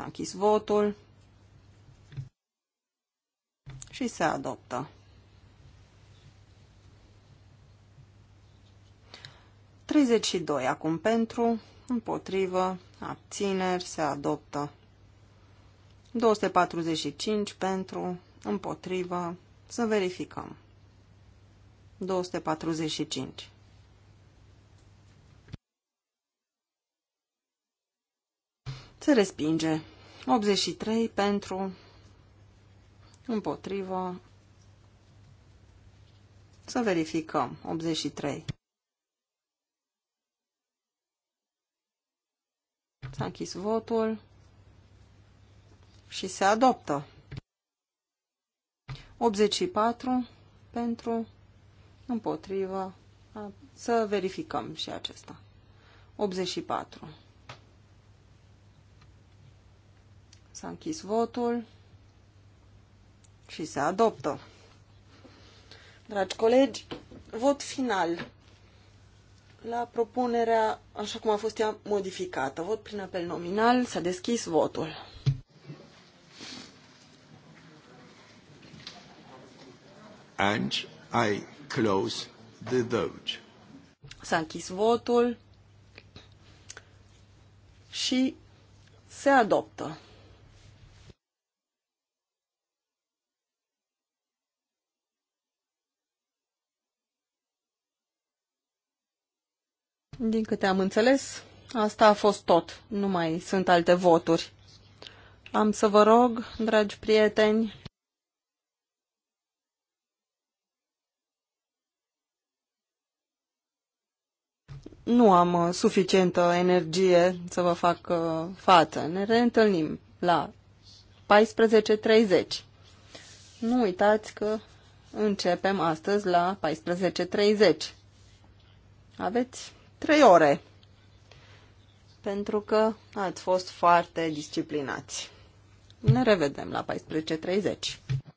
S-a închis votul și se adoptă. Treizeci și doi acum pentru, împotrivă, abțineri, se adoptă. 245 pentru, împotrivă, să verificăm. 245. Se respinge. 83 pentru, împotrivă. Să verificăm. 83. S-a închis votul și se adoptă. 84 pentru, împotrivă, să verificăm și acesta. 84. S-a închis votul și se adoptă. Dragi colegi, vot final la propunerea așa cum a fost ea modificată. Vot prin apel nominal, s-a deschis votul. And I close the vote. S-a închis votul și se adoptă. Din câte am înțeles, asta a fost tot. Nu mai sunt alte voturi. Am să vă rog, dragi prieteni, nu am uh, suficientă energie să vă fac uh, față. Ne reîntâlnim la 14.30. Nu uitați că începem astăzi la 14.30. Aveți trei ore, pentru că ați fost foarte disciplinați. Ne revedem la 14.30.